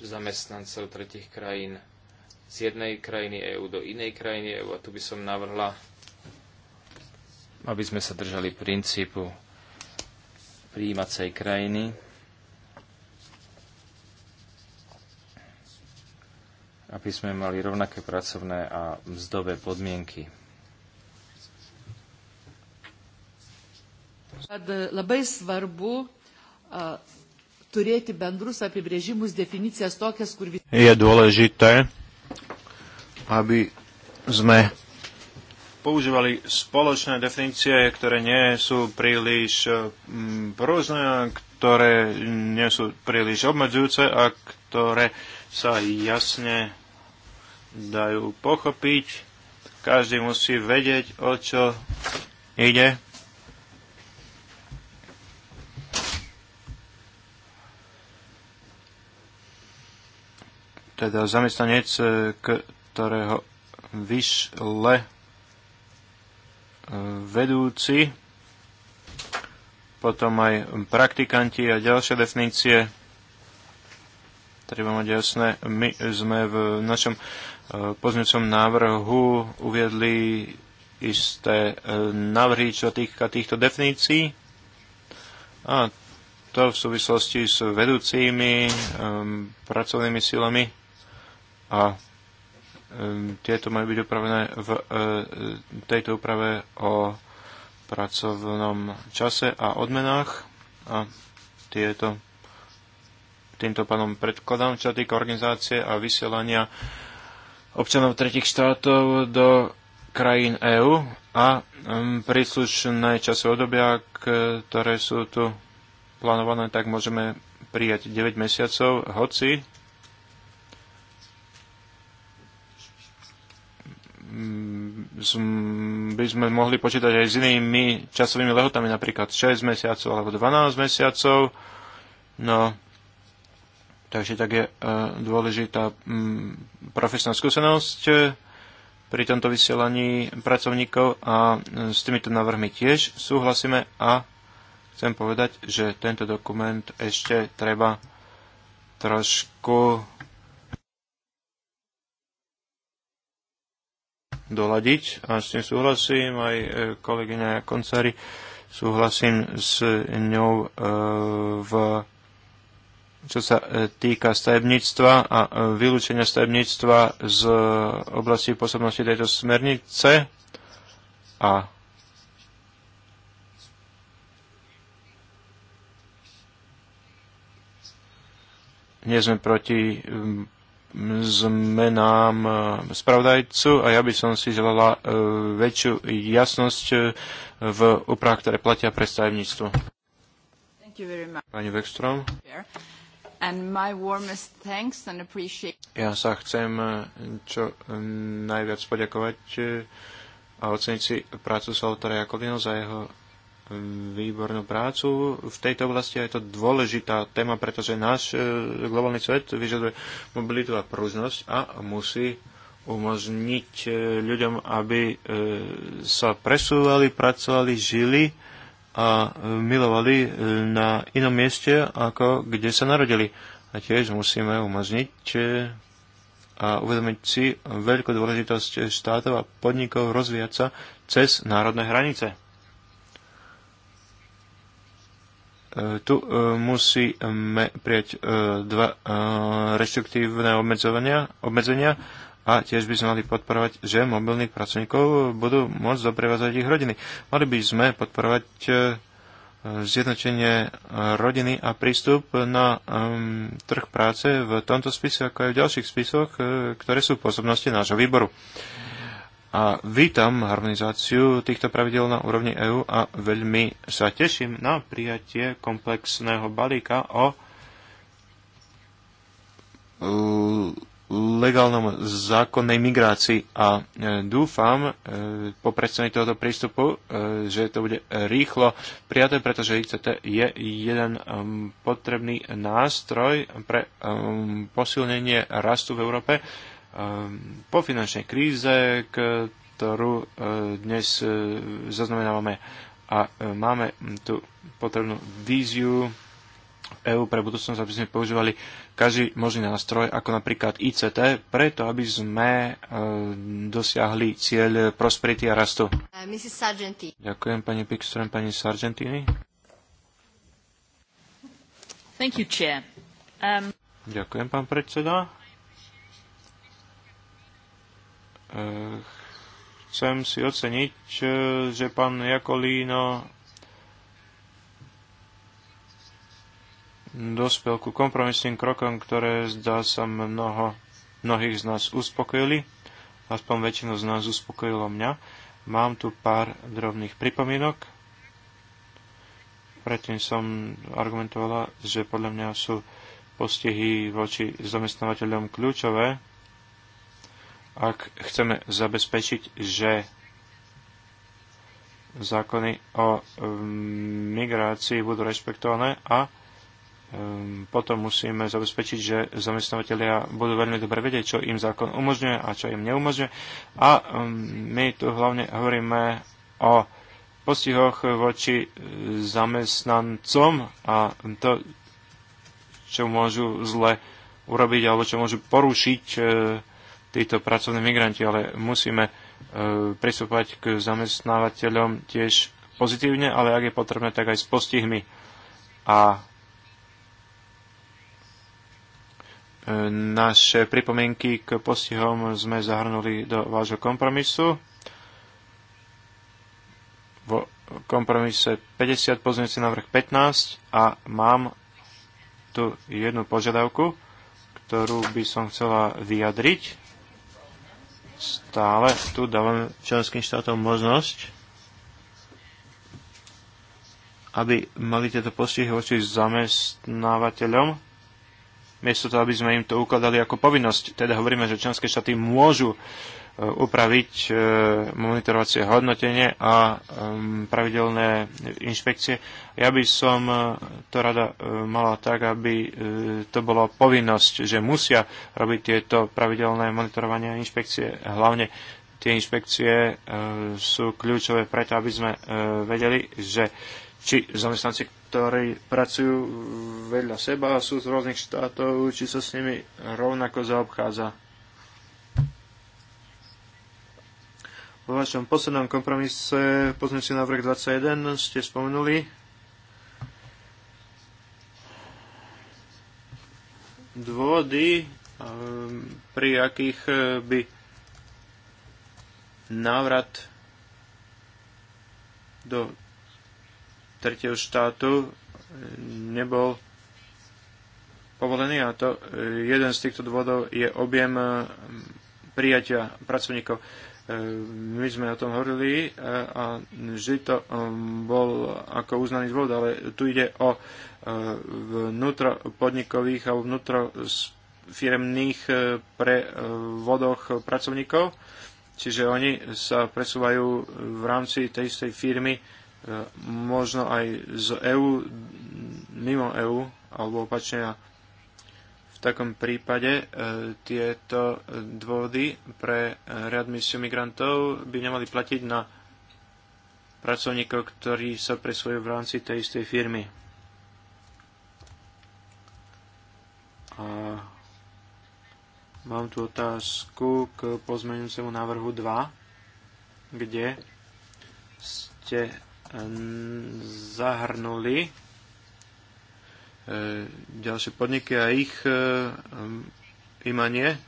zamestnancov tretich krajín z jednej krajiny EÚ do inej krajiny EÚ. A tu by som navrhla, aby sme sa držali princípu príjímacej krajiny. aby sme mali rovnaké pracovné a mzdové podmienky. kad e, labai svarbu e, turėti bendrus apibrėžimus, definicijas tokias, kur... Je dôležité, aby sme používali spoločné definície, ktoré nie sú príliš e, rôzne, ktoré nie sú príliš obmedzujúce a ktoré sa jasne dajú pochopiť. Každý musí vedieť, o čo ide teda zamestnanec, e, ktorého vyšle e, vedúci, potom aj praktikanti a ďalšie definície. Treba mať jasné, my sme v našom e, pozmeňujúcom návrhu uviedli isté návrhy, čo týka týchto definícií. A to v súvislosti s vedúcimi pracovnými silami a tieto majú byť upravené v e, tejto úprave o pracovnom čase a odmenách a tieto týmto pánom predkladám, čo týka organizácie a vysielania občanov tretich štátov do krajín EÚ a príslušné časové obdobia, ktoré sú tu plánované, tak môžeme prijať 9 mesiacov, hoci Mm, by sme mohli počítať aj s inými časovými lehotami, napríklad 6 mesiacov alebo 12 mesiacov. No, takže tak je e, dôležitá mm, profesná skúsenosť e, pri tomto vysielaní pracovníkov a e, s týmito návrhmi tiež súhlasíme a chcem povedať, že tento dokument ešte treba trošku doladiť a s tým súhlasím, aj e, kolegyňa Koncari súhlasím s ňou e, v čo sa e, týka stavebníctva a vylúčenia stavebníctva z oblasti pôsobnosti tejto smernice a nie sme proti zmenám eh, spravodajcu a ja by som si želala eh, väčšiu jasnosť eh, v úpravách, ktoré platia pre stavebníctvo. Pani Wexstrom. Ja sa chcem čo najviac poďakovať a oceniť si prácu Saltora Jakolino za jeho výbornú prácu. V tejto oblasti je to dôležitá téma, pretože náš e, globálny svet vyžaduje mobilitu a prúžnosť a musí umožniť e, ľuďom, aby e, sa presúvali, pracovali, žili a milovali na inom mieste, ako kde sa narodili. A tiež musíme umožniť a uvedomiť si veľkú dôležitosť štátov a podnikov rozvíjať sa cez národné hranice. tu e, musíme prijať e, dva e, reštriktívne obmedzovania, obmedzenia a tiež by sme mali podporovať, že mobilných pracovníkov budú môcť doprevázať ich rodiny. Mali by sme podporovať zjednotenie rodiny a prístup na um, trh práce v tomto spise, ako aj v ďalších spisoch, ktoré sú v pôsobnosti nášho výboru. Uh, a vítam harmonizáciu týchto pravidel na úrovni EÚ a veľmi sa teším na prijatie komplexného balíka o uh, legálnom zákonnej migrácii a uh, dúfam uh, po predstavení tohoto prístupu, že to bude rýchlo prijaté, pretože ICT je jeden um, potrebný nástroj pre um, posilnenie rastu v Európe Ehm, po finančnej kríze, ktorú e, dnes e, zaznamenávame a e, máme tu potrebnú víziu EÚ pre budúcnosť, aby sme používali každý možný nástroj, ako napríklad ICT, preto aby sme dosiahli cieľ prosperity a rastu. Ďakujem pani Pickström, pani Sargentini. Thank you, chair. Um... Ďakujem, pán predseda. Eh, chcem si oceniť, eh, že pán Jakolíno dospel ku kompromisným krokom, ktoré zdá sa mnoho, mnohých z nás uspokojili. Aspoň väčšinu z nás uspokojilo mňa. Mám tu pár drobných pripomienok. Predtým som argumentovala, že podľa mňa sú postihy voči zamestnávateľom kľúčové ak chceme zabezpečiť, že zákony o migrácii budú rešpektované a potom musíme zabezpečiť, že zamestnávateľia budú veľmi dobre vedieť, čo im zákon umožňuje a čo im neumožňuje. A my tu hlavne hovoríme o postihoch voči zamestnancom a to, čo môžu zle urobiť alebo čo môžu porušiť e, títo pracovní migranti, ale musíme e, pristúpať k zamestnávateľom tiež pozitívne, ale ak je potrebné, tak aj s postihmi. A e, naše pripomienky k postihom sme zahrnuli do vášho kompromisu. V kompromise 50, pozmeňujúci návrh 15 a mám tu jednu požiadavku, ktorú by som chcela vyjadriť stále tu dávame členským štátom možnosť, aby mali tieto postihy voči zamestnávateľom, miesto toho, aby sme im to ukladali ako povinnosť. Teda hovoríme, že členské štáty môžu uh, upraviť e, monitorovacie hodnotenie a pravidelné inšpekcie. Ja by som e, to rada e, mala tak, aby to bola povinnosť, že musia robiť tieto pravidelné monitorovanie a inšpekcie. Hlavne tie inšpekcie sú kľúčové preto, aby sme vedeli, že či zamestnanci, ktorí pracujú vedľa seba a sú z rôznych štátov, či sa s nimi rovnako zaobchádza Vo vašom poslednom kompromise pozmeňujúci návrh 21 ste spomenuli dôvody, ehm, pri akých eh, by návrat do tretieho štátu eh, nebol povolený a to eh, jeden z týchto dôvodov je objem prijatia pracovníkov. E, my sme o tom hovorili e, a vždy to e, bol ako uznaný dôvod, ale tu ide o vnútropodnikových alebo vnútrofiremných prevodoch pracovníkov, čiže oni sa presúvajú v rámci tej istej firmy možno aj z EÚ, mimo EÚ, alebo opačne takom prípade e, tieto dôvody pre e, readmisiu migrantov by nemali platiť na pracovníkov, ktorí sa presvojú v rámci tej istej firmy. A mám tu otázku k pozmeňujúcemu návrhu 2, kde ste e, zahrnuli E, ďalšie podniky a ich e, e, imanie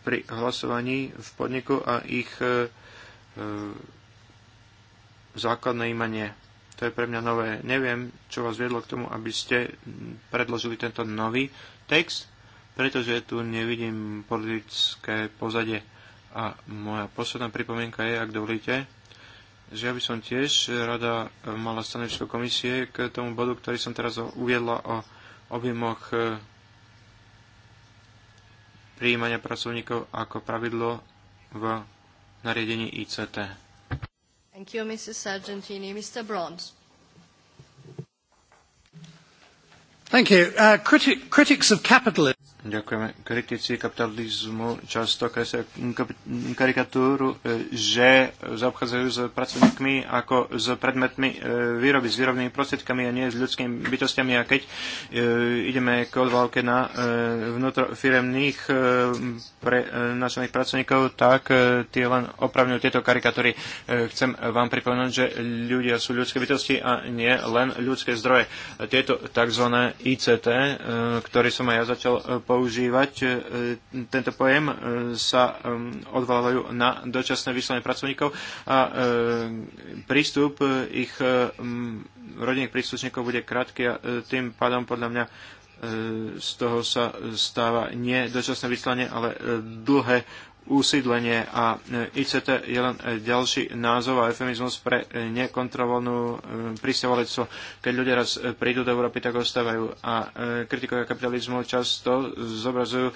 pri hlasovaní v podniku a ich základné imanie. To je pre mňa nové. Neviem, čo vás viedlo k tomu, aby ste predložili tento nový text, pretože tu nevidím politické pozadie. A moja posledná pripomienka je, ak dovolíte, že ja by som tiež e, rada e, mala stanovisko komisie k tomu bodu, ktorý som teraz uviedla o objemoch e, prijímania pracovníkov ako pravidlo v nariadení ICT. Thank you, Mrs. Sargentini. Mr. Bronze. Thank you. Uh, criti- critics of capitalism Ďakujeme. Kritici kapitalizmu často kresia karikatúru, e, že zaobchádzajú s pracovníkmi ako s predmetmi e, výroby, s výrobnými prostriedkami a nie s ľudskými bytostiami. A keď e, ideme k odvalke na vnútrofiremných pre našich pracovníkov, tak tie len opravňujú tieto karikatúry. Chcem vám pripomenúť, že ľudia sú ľudské bytosti a nie len ľudské zdroje. Tieto tzv. ICT, ktorý som aj ja začal používať e, tento pojem, e, sa e, odvolávajú na dočasné vyslanie pracovníkov a prístup ich rodinných príslušníkov bude krátky a tým pádom podľa mňa z toho sa stáva nie dočasné vyslanie, ale dlhé Úsídlenie a e, ICT je len e, ďalší názov a efemizmus pre e, nekontrolovanú pristavovaleco. Keď ľudia raz prídu do Európy, tak ostávajú a kritikovia kapitalizmu často zobrazujú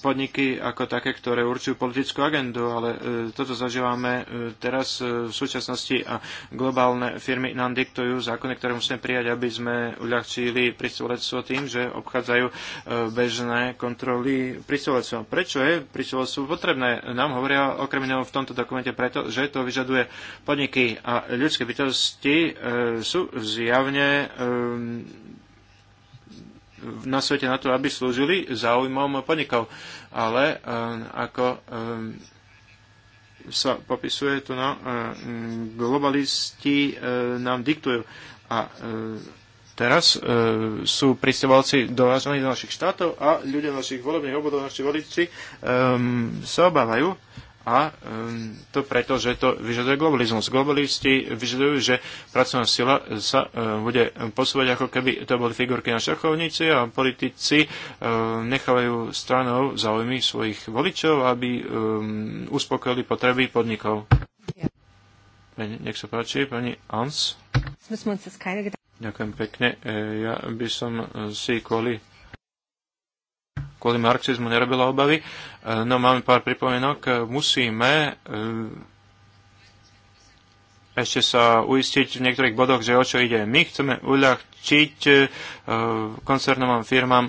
podniky ako také, ktoré určujú politickú agendu, ale toto zažívame teraz v súčasnosti a globálne firmy nám diktujú zákony, ktoré musíme prijať, aby sme uľahčili pristavovaleco tým, že obchádzajú bežné kontroly pristavovaleco. Prečo je pristavovaleco rodičov sú potrebné. Nám hovoria okrem iného v tomto dokumente preto, že to vyžaduje podniky a ľudské bytosti e, sú zjavne e, na svete na to, aby slúžili záujmom podnikov. Ale e, ako e, sa popisuje tu, no, globalisti nám diktujú. A Teraz e, sú pristahovalci dovážaní do našich štátov a ľudia našich volebných obodov, naši voliči e, sa obávajú, a e, to preto, že to vyžaduje globalizmus. Globalisti vyžadujú, že pracovná sila sa e, bude posúvať, ako keby to boli figurky na šachovnici a politici e, nechávajú stranou záujmy svojich voličov, aby e, uspokojili potreby podnikov. Ja. Nech sa páči, pani Ans. Ďakujem pekne. E, ja by som e, si kvôli kvôli marxizmu nerobila obavy. E, no máme pár pripomienok. Musíme ešte sa uistiť v niektorých bodoch, že o čo ide. My chceme uľahčiť koncernovým firmám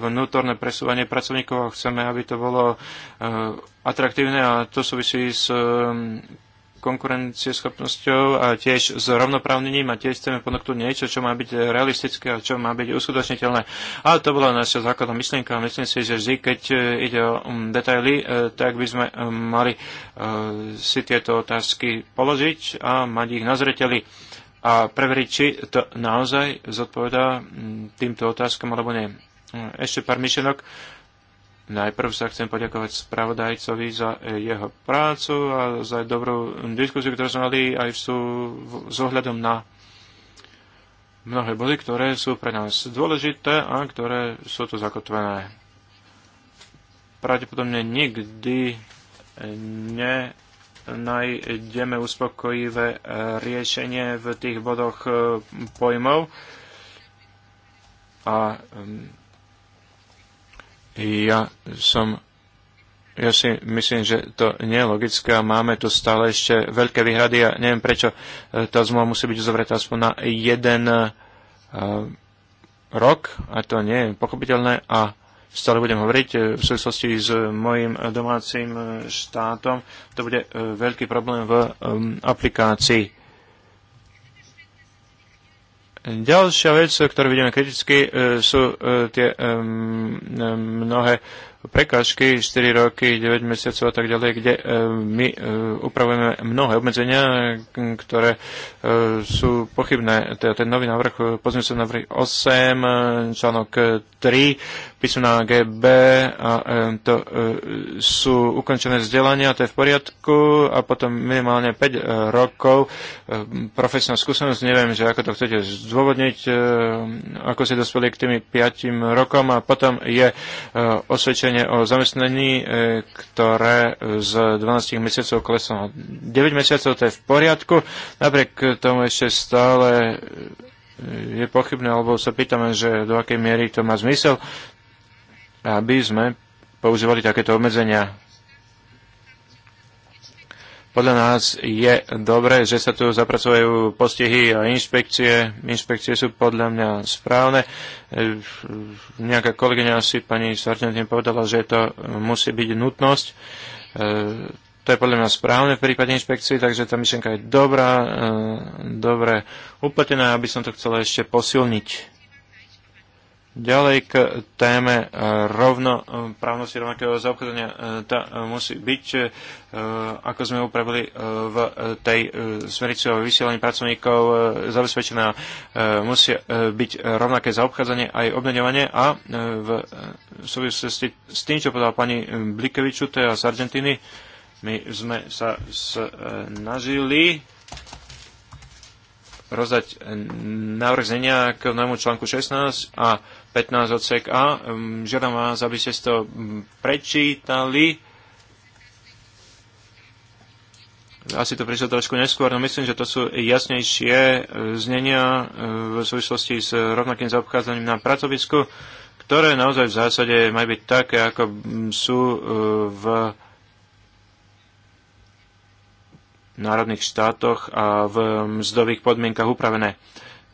vnútorné presúvanie pracovníkov a chceme, aby to bolo atraktívne a to súvisí s konkurencieschopnosťou a tiež s rovnoprávnením a tiež chceme ponúknuť niečo, čo má byť realistické a čo má byť uskutočniteľné. Ale to bola naša základná myšlienka a myslím si, že vždy, keď e, ide o mm, detaily, e, tak by sme e, mali si tieto otázky položiť a mať ich na zreteli a preveriť, či to naozaj zodpovedá mm, týmto otázkam alebo nie. Ešte pár myšlenok Najprv sa chcem poďakovať spravodajcovi za e, jeho prácu a za dobrú diskusiu, ktorú sme mali aj v sú s ohľadom na mnohé body, ktoré sú pre nás dôležité a ktoré sú tu zakotvené. Pravdepodobne nikdy ne uspokojivé e, riešenie v tých bodoch e, pojmov a ja som ja si myslím, že to nie je logické a máme tu stále ešte veľké výhrady a neviem prečo e, tá zmluva musí byť uzavretá aspoň na jeden uh, rok a to nie je pochopiteľné a stále budem hovoriť e, v súvislosti s mojim domácim štátom. To bude veľký problém v um, aplikácii Ďalšia vec, ktorú vidíme kriticky, e, sú e, tie mnohé prekážky, 4 roky, 9 mesiacov a tak ďalej, kde e, my e, upravujeme mnohé obmedzenia, ktoré e, sú pochybné. Teda ten nový návrh, pozrieme sa návrh 8, článok 3, písmená GB a to sú ukončené vzdelania, to je v poriadku a potom minimálne 5 rokov profesná skúsenosť, neviem, že ako to chcete zdôvodniť, ako si dospeli k tými 5 rokom a potom je osvedčenie nariadenie o zamestnaní, e, ktoré z 12 mesiacov kleslo na 9 mesiacov, to je v poriadku. Napriek tomu ešte stále e, je pochybné, alebo sa pýtame, že do akej miery to má zmysel, aby sme používali takéto obmedzenia podľa nás je dobré, že sa tu zapracovajú postihy a inšpekcie. Inšpekcie sú podľa mňa správne. E, nejaká kolegyňa asi pani Sargentin povedala, že to musí byť nutnosť. E, to je podľa mňa správne v prípade inšpekcií, takže tá myšlenka je dobrá, e, dobre upletená, aby som to chcela ešte posilniť. Ďalej k téme e, rovno e, právnosti rovnakého zaobchádzania. E, tá musí byť, ako sme upravili v tej smerici o vysielaní pracovníkov, zabezpečená. Musí byť rovnaké zaobchádzanie aj obmeňovanie a v súvislosti s tým, čo povedala pani Blikevičute teda z Argentíny, my sme sa snažili rozdať eh, návrh znenia k novému článku 16 a 15 odsek A. Žiadam vás, aby ste to mm, prečítali. Asi to prišlo trošku neskôr, no myslím, že to sú jasnejšie eh, znenia eh, v súvislosti s rovnakým zaobchádzaním na pracovisku, ktoré naozaj v zásade majú byť také, ako mm, sú v národných štátoch a v mzdových podmienkach upravené.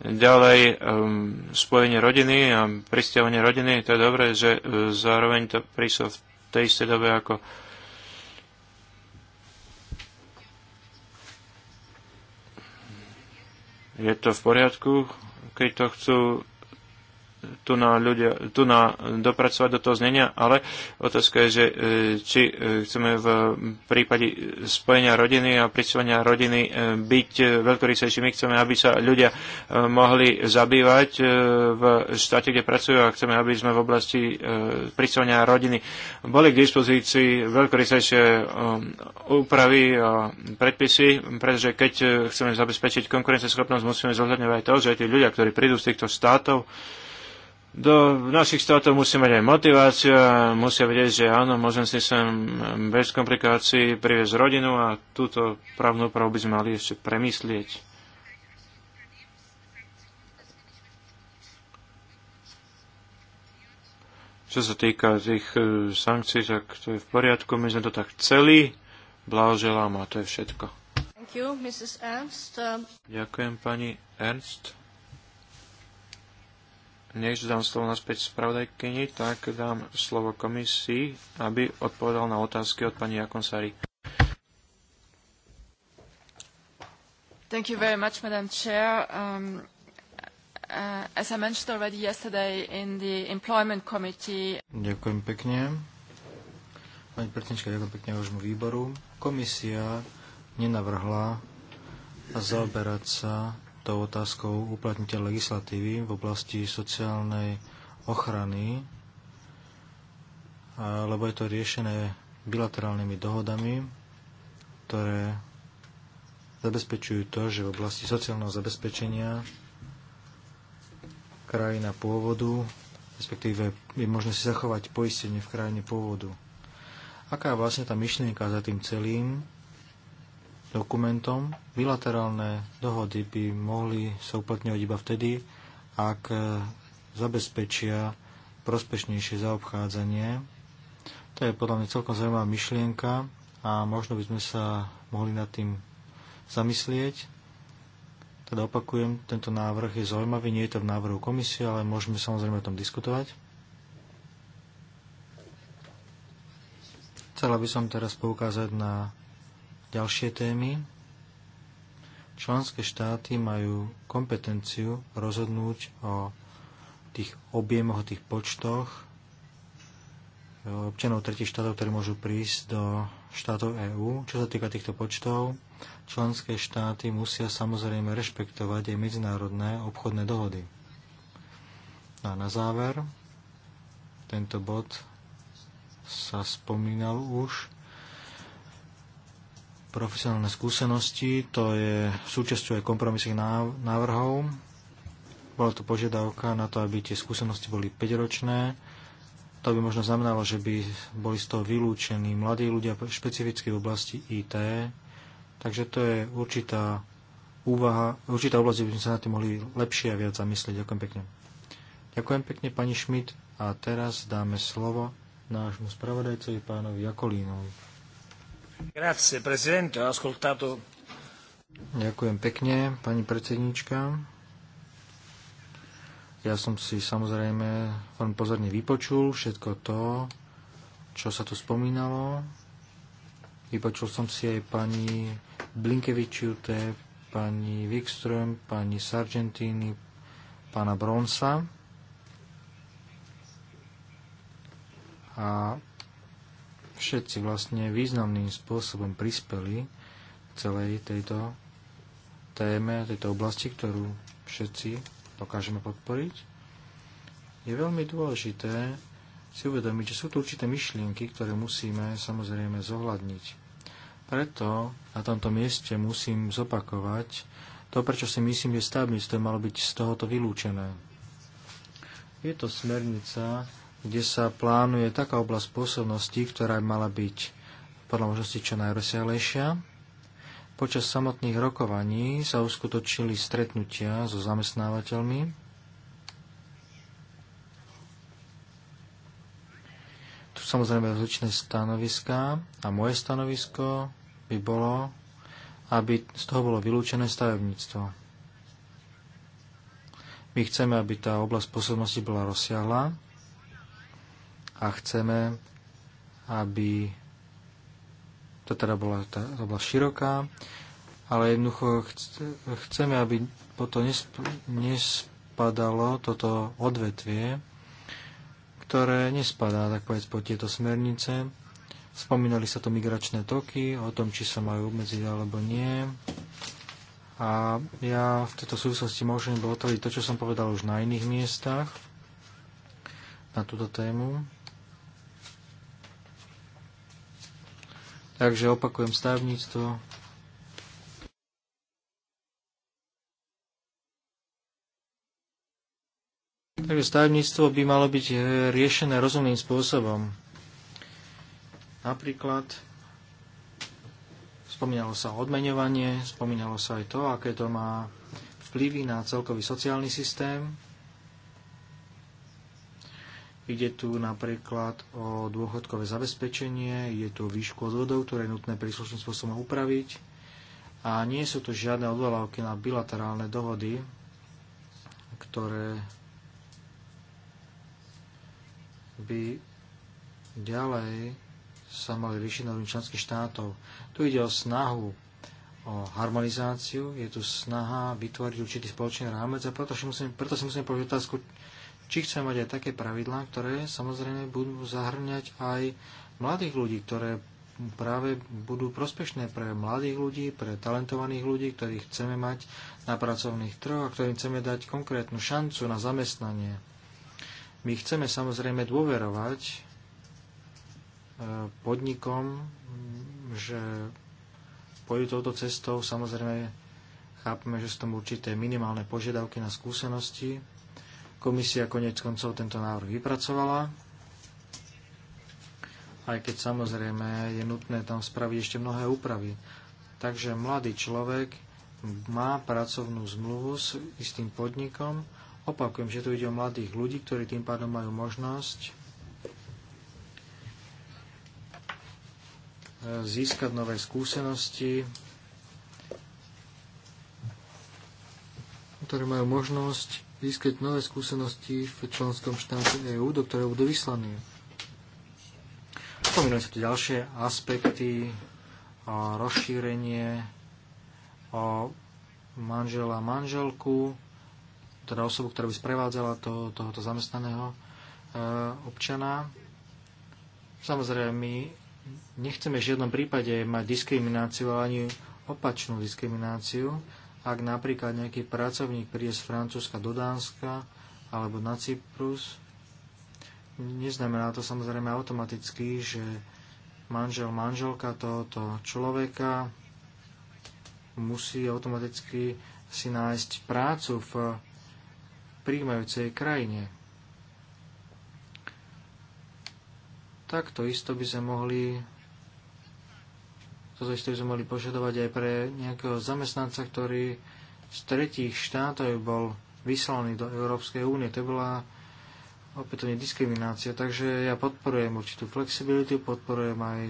Ďalej, spojenie rodiny a pristiavanie rodiny, to je dobré, že e, zároveň to prišlo v tej istej dobe ako je to v poriadku, keď to chcú tu na, ľudia, tu na dopracovať do toho znenia, ale otázka je, že e, či e, chceme v prípade spojenia rodiny a prisúvania rodiny e, byť veľkorysejší. My Chceme, aby sa ľudia mohli zabývať v štáte, kde pracujú a chceme, aby sme v oblasti prisúvania rodiny boli k dispozícii veľkorysejšie úpravy a predpisy, pretože keď chceme zabezpečiť konkurenceschopnosť, musíme zohľadňovať to, že tí ľudia, ktorí prídu z týchto štátov, do našich štátov musí mať aj motiváciu a musia vedieť, že áno, môžem si sem bez komplikácií priviesť rodinu a túto právnu úpravu by sme mali ešte premyslieť. Čo sa týka tých e, sankcií, tak to je v poriadku, my sme to tak chceli. Blahoželám a to je všetko. You, Ďakujem, pani Ernst než dám slovo naspäť spravodajkyni, tak dám slovo komisii, aby odpovedal na otázky od pani Jakonsari. Thank you very much, Madam Chair. Um, uh, as I mentioned already yesterday in the Employment Committee... Ďakujem pekne. Pani predsednička, ďakujem pekne vášmu výboru. Komisia nenavrhla zaoberať sa tou otázkou uplatnite legislatívy v oblasti sociálnej ochrany, lebo je to riešené bilaterálnymi dohodami, ktoré zabezpečujú to, že v oblasti sociálneho zabezpečenia krajina pôvodu, respektíve je možné si zachovať poistenie v krajine pôvodu. Aká je vlastne tá myšlienka za tým celým? dokumentom. Bilaterálne dohody by mohli sa uplatňovať iba vtedy, ak e, zabezpečia prospešnejšie zaobchádzanie. To je podľa mňa celkom zaujímavá myšlienka a možno by sme sa mohli nad tým zamyslieť. Teda opakujem, tento návrh je zaujímavý, nie je to v návrhu komisie, ale môžeme samozrejme o tom diskutovať. Chcela by som teraz poukázať na Ďalšie témy. Členské štáty majú kompetenciu rozhodnúť o tých objemoch, o tých počtoch e, občanov tretich štátov, ktorí môžu prísť do štátov EÚ. Čo sa týka týchto počtov, členské štáty musia samozrejme rešpektovať aj medzinárodné obchodné dohody. A na záver, tento bod sa spomínal už, profesionálne skúsenosti, to je súčasťou aj kompromisných návrhov. Bola to požiadavka na to, aby tie skúsenosti boli 5-ročné. To by možno znamenalo, že by boli z toho vylúčení mladí ľudia špecificky v oblasti IT. Takže to je určitá úvaha, určitá oblasť, kde by sme sa na tým mohli lepšie a viac zamyslieť. Ďakujem pekne. Ďakujem pekne, pani Šmit. A teraz dáme slovo nášmu spravodajcovi, pánovi Jakolínovi. Ďakujem pekne, pani predsednička. Ja som si samozrejme veľmi pozorne vypočul všetko to, čo sa tu spomínalo. Vypočul som si aj pani Blinkevičiute, pani Wikström, pani Sargentini, pána Bronsa. A všetci vlastne významným spôsobom prispeli k celej tejto téme, tejto oblasti, ktorú všetci dokážeme podporiť, je veľmi dôležité si uvedomiť, že sú tu určité myšlienky, ktoré musíme samozrejme zohľadniť. Preto na tomto mieste musím zopakovať to, prečo si myslím, že stavebníctvo malo byť z tohoto vylúčené. Je to smernica kde sa plánuje taká oblasť pôsobnosti, ktorá by mala byť podľa možnosti čo najrozsiahlejšia. Počas samotných rokovaní sa uskutočili stretnutia so zamestnávateľmi. Tu samozrejme rozličné stanoviská a moje stanovisko by bolo, aby z toho bolo vylúčené stavebníctvo. My chceme, aby tá oblasť posobnosti bola rozsiahla, a chceme, aby to teda bola, tá, to bola široká, ale jednoducho chceme, aby potom nespadalo toto odvetvie, ktoré nespadá, tak povedz, po tieto smernice. Spomínali sa tu migračné toky, o tom, či sa majú obmedziť alebo nie. A ja v tejto súvislosti môžem potvrdiť to, čo som povedal už na iných miestach na túto tému. Takže opakujem stavníctvo. Takže stavníctvo by malo byť e, riešené rozumným spôsobom. Napríklad spomínalo sa odmeňovanie, spomínalo sa aj to, aké to má vplyvy na celkový sociálny systém, Ide tu napríklad o dôchodkové zabezpečenie, je tu výšku odvodov, ktoré je nutné príslušným spôsobom upraviť a nie sú tu žiadne odvolávky na bilaterálne dohody, ktoré by ďalej sa mali riešiť novým členských štátov. Tu ide o snahu o harmonizáciu, je tu snaha vytvoriť určitý spoločný rámec a preto si musíme, preto si musíme položiť otázku, či chcem mať aj také pravidlá, ktoré samozrejme budú zahrňať aj mladých ľudí, ktoré práve budú prospešné pre mladých ľudí, pre talentovaných ľudí, ktorých chceme mať na pracovných trhoch a ktorým chceme dať konkrétnu šancu na zamestnanie. My chceme samozrejme dôverovať e, podnikom, že pôjdu touto cestou. Samozrejme, chápeme, že sú tam určité minimálne požiadavky na skúsenosti, Komisia konec koncov tento návrh vypracovala, aj keď samozrejme je nutné tam spraviť ešte mnohé úpravy. Takže mladý človek má pracovnú zmluvu s istým podnikom. Opakujem, že tu ide o mladých ľudí, ktorí tým pádom majú možnosť získať nové skúsenosti, ktoré majú možnosť získať nové skúsenosti v členskom štáte EÚ, do ktorého budú vyslaní. Spomínajú sa tu ďalšie aspekty, rozšírenie, o manžela a manželku, teda osobu, ktorá by sprevádzala to, tohoto zamestnaného e, občana. Samozrejme, my nechceme v žiadnom prípade mať diskrimináciu, ale ani opačnú diskrimináciu. Ak napríklad nejaký pracovník príde z Francúzska do Dánska alebo na Cyprus, neznamená to samozrejme automaticky, že manžel, manželka tohoto človeka musí automaticky si nájsť prácu v príjmajúcej krajine. Takto isto by sme mohli toto isté sme mali požadovať aj pre nejakého zamestnanca, ktorý z tretích štátov bol vyslaný do Európskej únie. To bola opätovne diskriminácia. Takže ja podporujem určitú flexibilitu, podporujem aj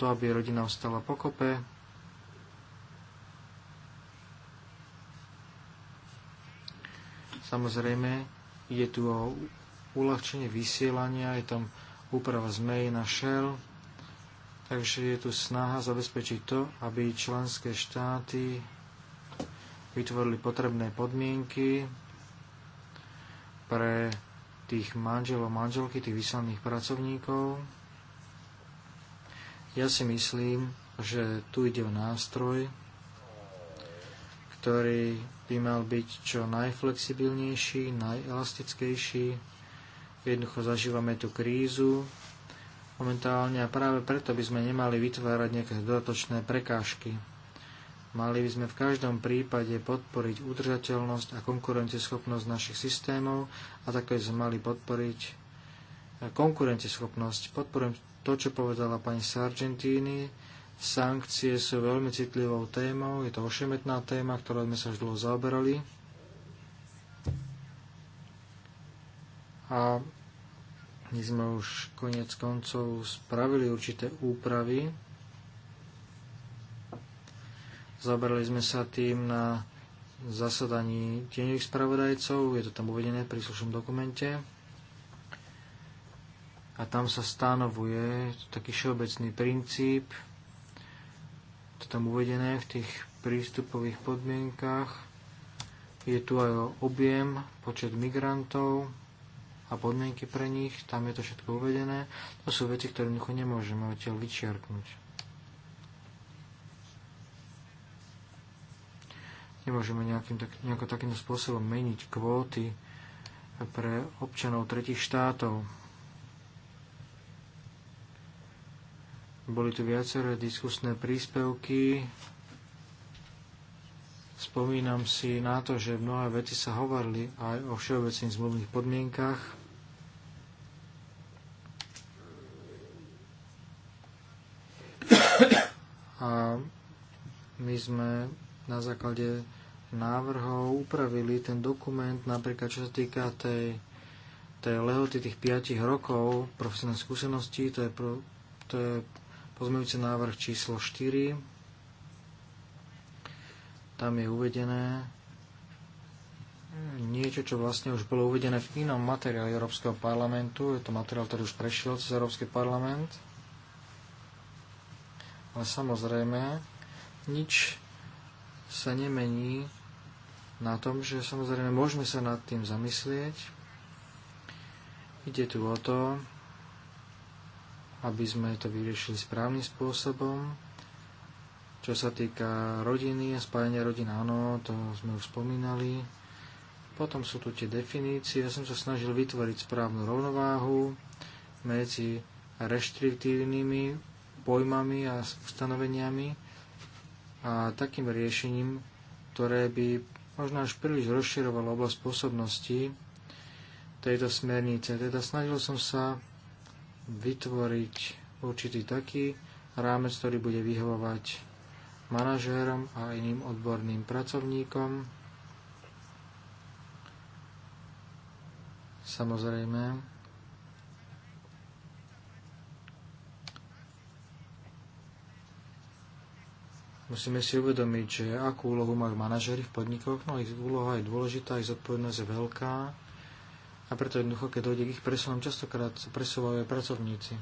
to, aby rodina ostala pokope, Samozrejme, ide tu o uľahčenie vysielania, je tam úprava zmej na shell. Takže je tu snaha zabezpečiť to, aby členské štáty vytvorili potrebné podmienky pre tých manželov, manželky, tých vyslaných pracovníkov. Ja si myslím, že tu ide o nástroj, ktorý by mal byť čo najflexibilnejší, najelastickejší. Jednoducho zažívame tú krízu, momentálne a práve preto by sme nemali vytvárať nejaké dodatočné prekážky. Mali by sme v každom prípade podporiť udržateľnosť a konkurencieschopnosť našich systémov a takisto sme mali podporiť eh, konkurencieschopnosť. Podporujem to, čo povedala pani Sargentini. Sankcie sú veľmi citlivou témou, je to ošemetná téma, ktorou sme sa už dlho zaoberali. A my sme už konec koncov spravili určité úpravy. Zabrali sme sa tým na zasadaní tieňových spravodajcov, je to tam uvedené v príslušnom dokumente. A tam sa stanovuje taký všeobecný princíp, to tam uvedené v tých prístupových podmienkach Je tu aj objem, počet migrantov, a podmienky pre nich, tam je to všetko uvedené. To sú veci, ktoré jednoducho nemôžeme odtiaľ vyčiarknúť. Nemôžeme nejakým, tak, nejako takýmto spôsobom meniť kvóty pre občanov tretich štátov. Boli tu viaceré diskusné príspevky. Spomínam si na to, že mnohé veci sa hovorili aj o všeobecných zmluvných podmienkach a my sme na základe návrhov upravili ten dokument, napríklad čo sa týka tej, tej lehoty tých 5 rokov profesionálnej skúsenosti, to je, pro, to je pozmeňujúci návrh číslo 4. Tam je uvedené niečo, čo vlastne už bolo uvedené v inom materiáli Európskeho parlamentu. Je to materiál, ktorý už prešiel cez Európsky parlament a samozrejme, nič sa nemení na tom, že samozrejme môžeme sa nad tým zamyslieť. Ide tu o to, aby sme to vyriešili správnym spôsobom. Čo sa týka rodiny a spájania rodín, áno, to sme už spomínali. Potom sú tu tie definície. Ja som sa snažil vytvoriť správnu rovnováhu medzi reštriktívnymi pojmami a ustanoveniami a takým riešením, ktoré by možno až príliš rozširovalo oblasť pôsobnosti tejto smernice. Teda snažil som sa vytvoriť určitý taký rámec, ktorý bude vyhovovať manažérom a iným odborným pracovníkom. Samozrejme, Musíme si uvedomiť, že akú úlohu majú manažery v podnikoch, no ich úloha je dôležitá, ich zodpovednosť je veľká a preto jednoducho, keď dojde k ich presunom, častokrát presúvajú aj pracovníci.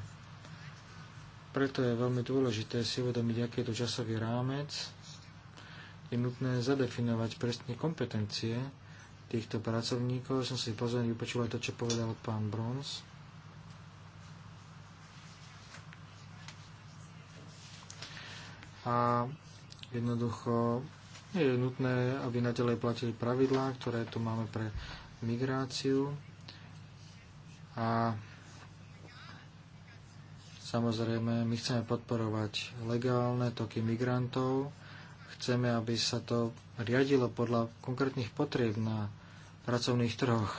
Preto je veľmi dôležité si uvedomiť, aký je to časový rámec. Je nutné zadefinovať presne kompetencie týchto pracovníkov. Som si pozorne vypočul aj to, čo povedal pán Brons. A Jednoducho je nutné, aby naďalej platili pravidlá, ktoré tu máme pre migráciu. A samozrejme, my chceme podporovať legálne toky migrantov. Chceme, aby sa to riadilo podľa konkrétnych potrieb na pracovných trhoch.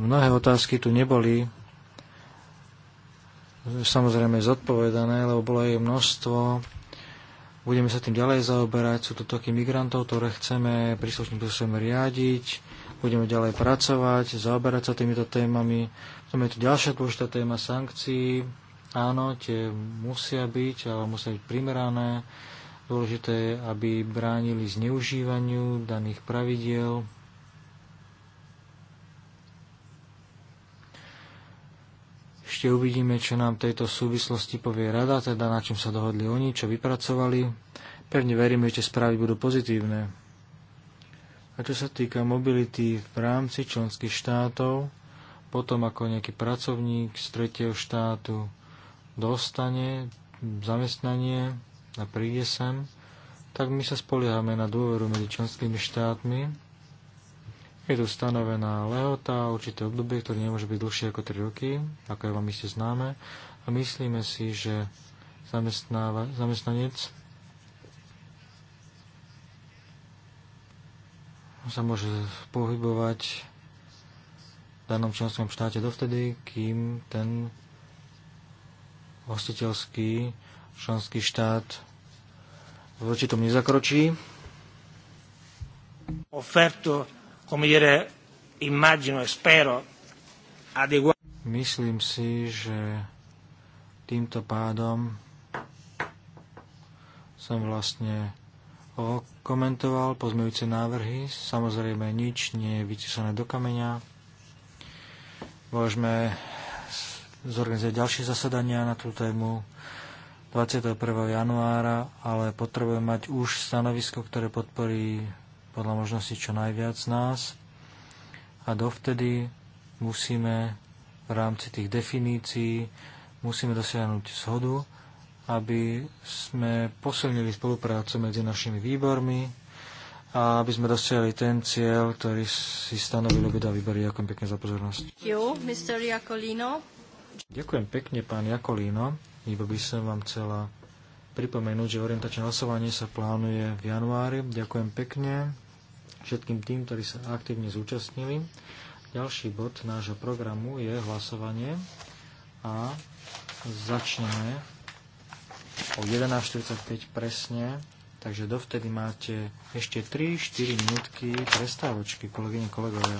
Mnohé otázky tu neboli samozrejme zodpovedané, lebo bolo jej množstvo. Budeme sa tým ďalej zaoberať. Sú to toky migrantov, ktoré chceme príslušným spôsobom riadiť. Budeme ďalej pracovať, zaoberať sa týmito témami. Potom je tu ďalšia dôležitá téma sankcií. Áno, tie musia byť, ale musia byť primerané. Dôležité je, aby bránili zneužívaniu daných pravidiel, Ešte uvidíme, čo nám tejto súvislosti povie rada, teda na čom sa dohodli oni, čo vypracovali. Pevne veríme, že správy budú pozitívne. A čo sa týka mobility v rámci členských štátov, potom ako nejaký pracovník z tretieho štátu dostane zamestnanie a príde sem, tak my sa spoliehame na dôveru medzi členskými štátmi je tu stanovená lehota, určité obdobie, ktoré nemôže byť dlhšie ako 3 roky, ako je vám iste známe. A myslíme si, že zamestnanec sa môže pohybovať v danom členskom štáte dovtedy, kým ten hostiteľský členský štát v určitom nezakročí. Oferto come dire, immagino e spero, adeguato. Myslím si, že týmto pádom som vlastne okomentoval pozmejúce návrhy. Samozrejme, nič nie je vytisané do kameňa. Môžeme zorganizovať ďalšie zasadania na tú tému 21. januára, ale potrebujem mať už stanovisko, ktoré podporí podľa možnosti čo najviac nás a dovtedy musíme v rámci tých definícií musíme dosiahnuť shodu, aby sme posilnili spoluprácu medzi našimi výbormi a aby sme dosiahli ten cieľ, ktorý si stanovil obidva výbory. Ďakujem pekne za pozornosť. Ďakujem pekne, pán Jakolino. Iba by som vám chcela pripomenúť, že orientačné hlasovanie sa plánuje v januári. Ďakujem pekne všetkým tým, ktorí sa aktívne zúčastnili. Ďalší bod nášho programu je hlasovanie a začneme o 11.45 presne, takže dovtedy máte ešte 3-4 minútky prestávočky, kolegyne, kolegovia.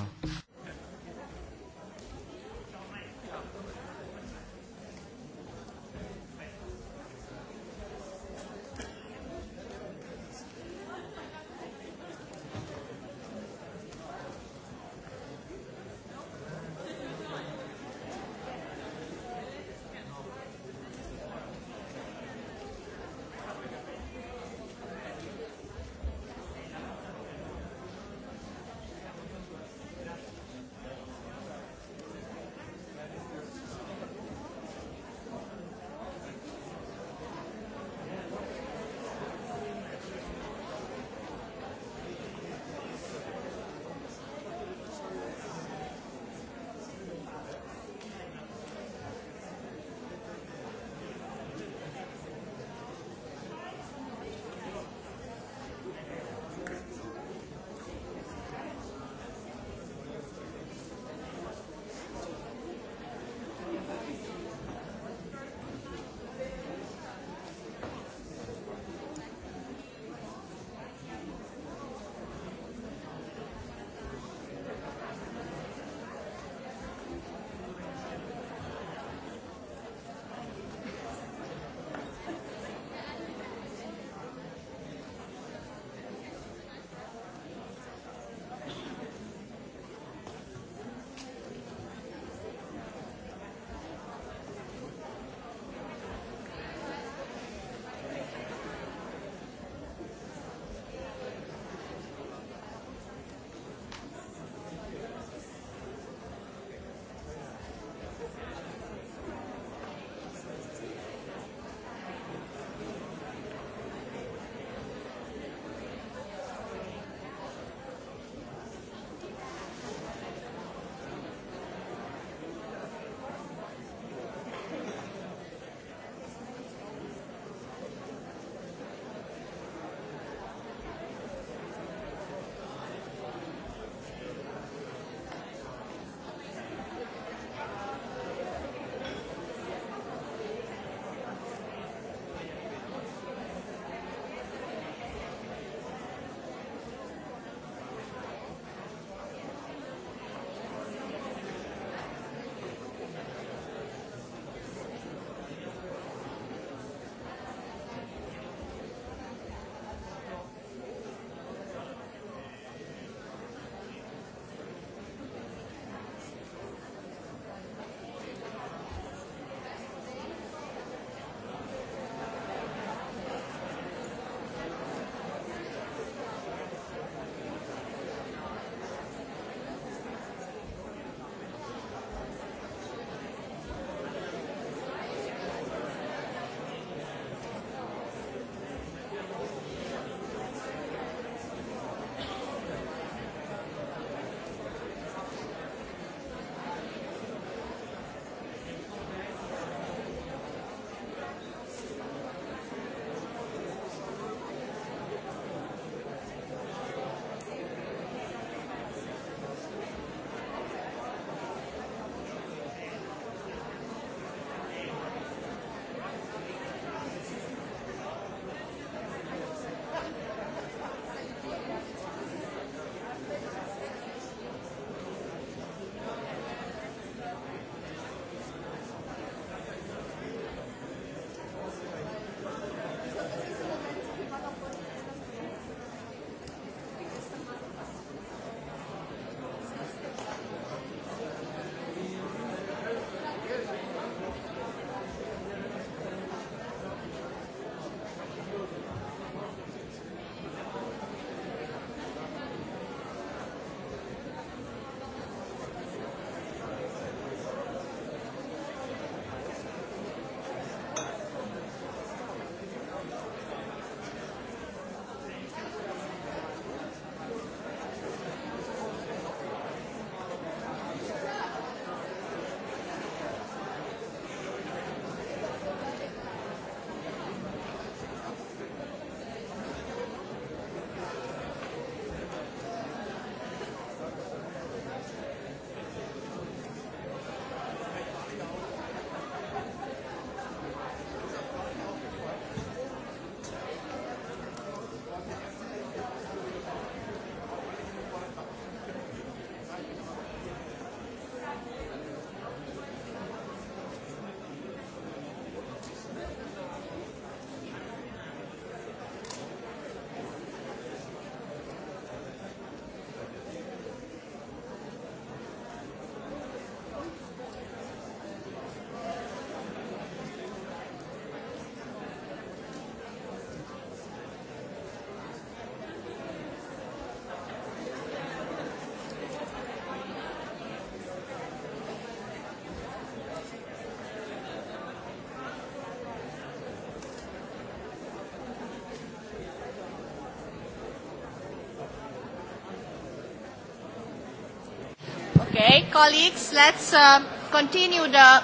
Okay, colleagues, let's uh, continue the,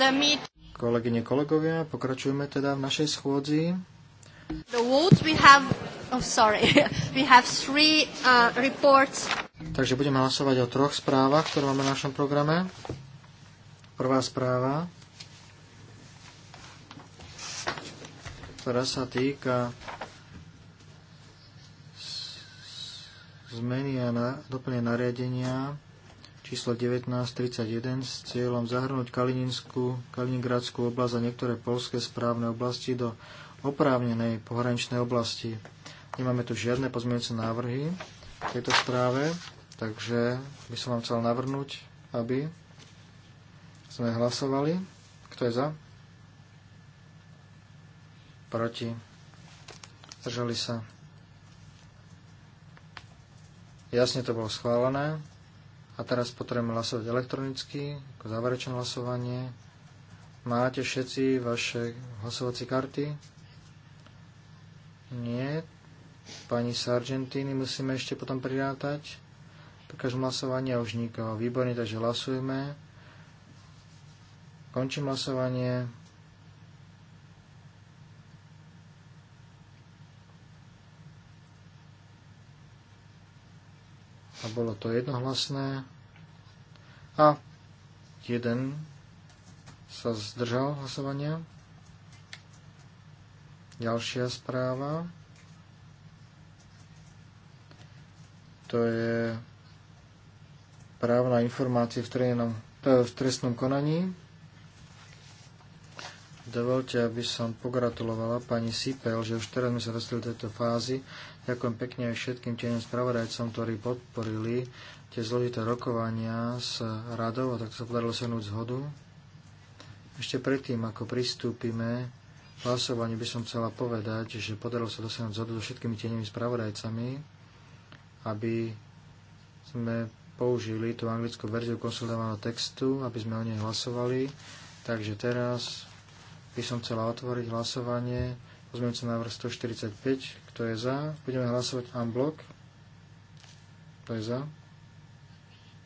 the meet. Kolegyne, kolegovia, pokračujeme teda v našej schôdzi. The votes we have, oh sorry, <laughs> we have three uh, reports. Takže budeme hlasovať o troch správach, ktoré máme v našom programe. Prvá správa, ktorá sa týka zmeny a na, doplne nariadenia číslo 1931 s cieľom zahrnúť Kalininskú, Kaliningradskú oblasť a niektoré polské správne oblasti do oprávnenej pohraničnej oblasti. Nemáme tu žiadne pozmeňujúce návrhy v tejto správe, takže by som vám chcel navrhnúť, aby sme hlasovali. Kto je za? Proti? Zdržali sa? Jasne to bolo schválené. A teraz potrebujeme hlasovať elektronicky, ako záverečné hlasovanie. Máte všetci vaše hlasovacie karty? Nie. Pani Sargentini musíme ešte potom prirátať. Pri každom hlasovaní už nikoho. Výborne, takže hlasujeme. Končím hlasovanie. a bolo to jednohlasné a jeden sa zdržal hlasovania. Ďalšia správa. To je právo na informácie v, trénom, e, v trestnom konaní. Dovolte, aby som pogratulovala pani Sipel, že už teraz sme sa dostali do tejto fázy. Ďakujem pekne aj všetkým tieňom spravodajcom, ktorí podporili tie zložité rokovania s radou a tak sa podarilo senúť zhodu. Ešte predtým, ako pristúpime v hlasovaní, by som chcela povedať, že podarilo sa dosiahnuť zhodu so všetkými tenými spravodajcami, aby sme použili tú anglickú verziu konsolidovaného textu, aby sme o nej hlasovali. Takže teraz by som chcela otvoriť hlasovanie. Pozmeňujúci návrh 145, kto je za? Budeme hlasovať unblock. Kto je za?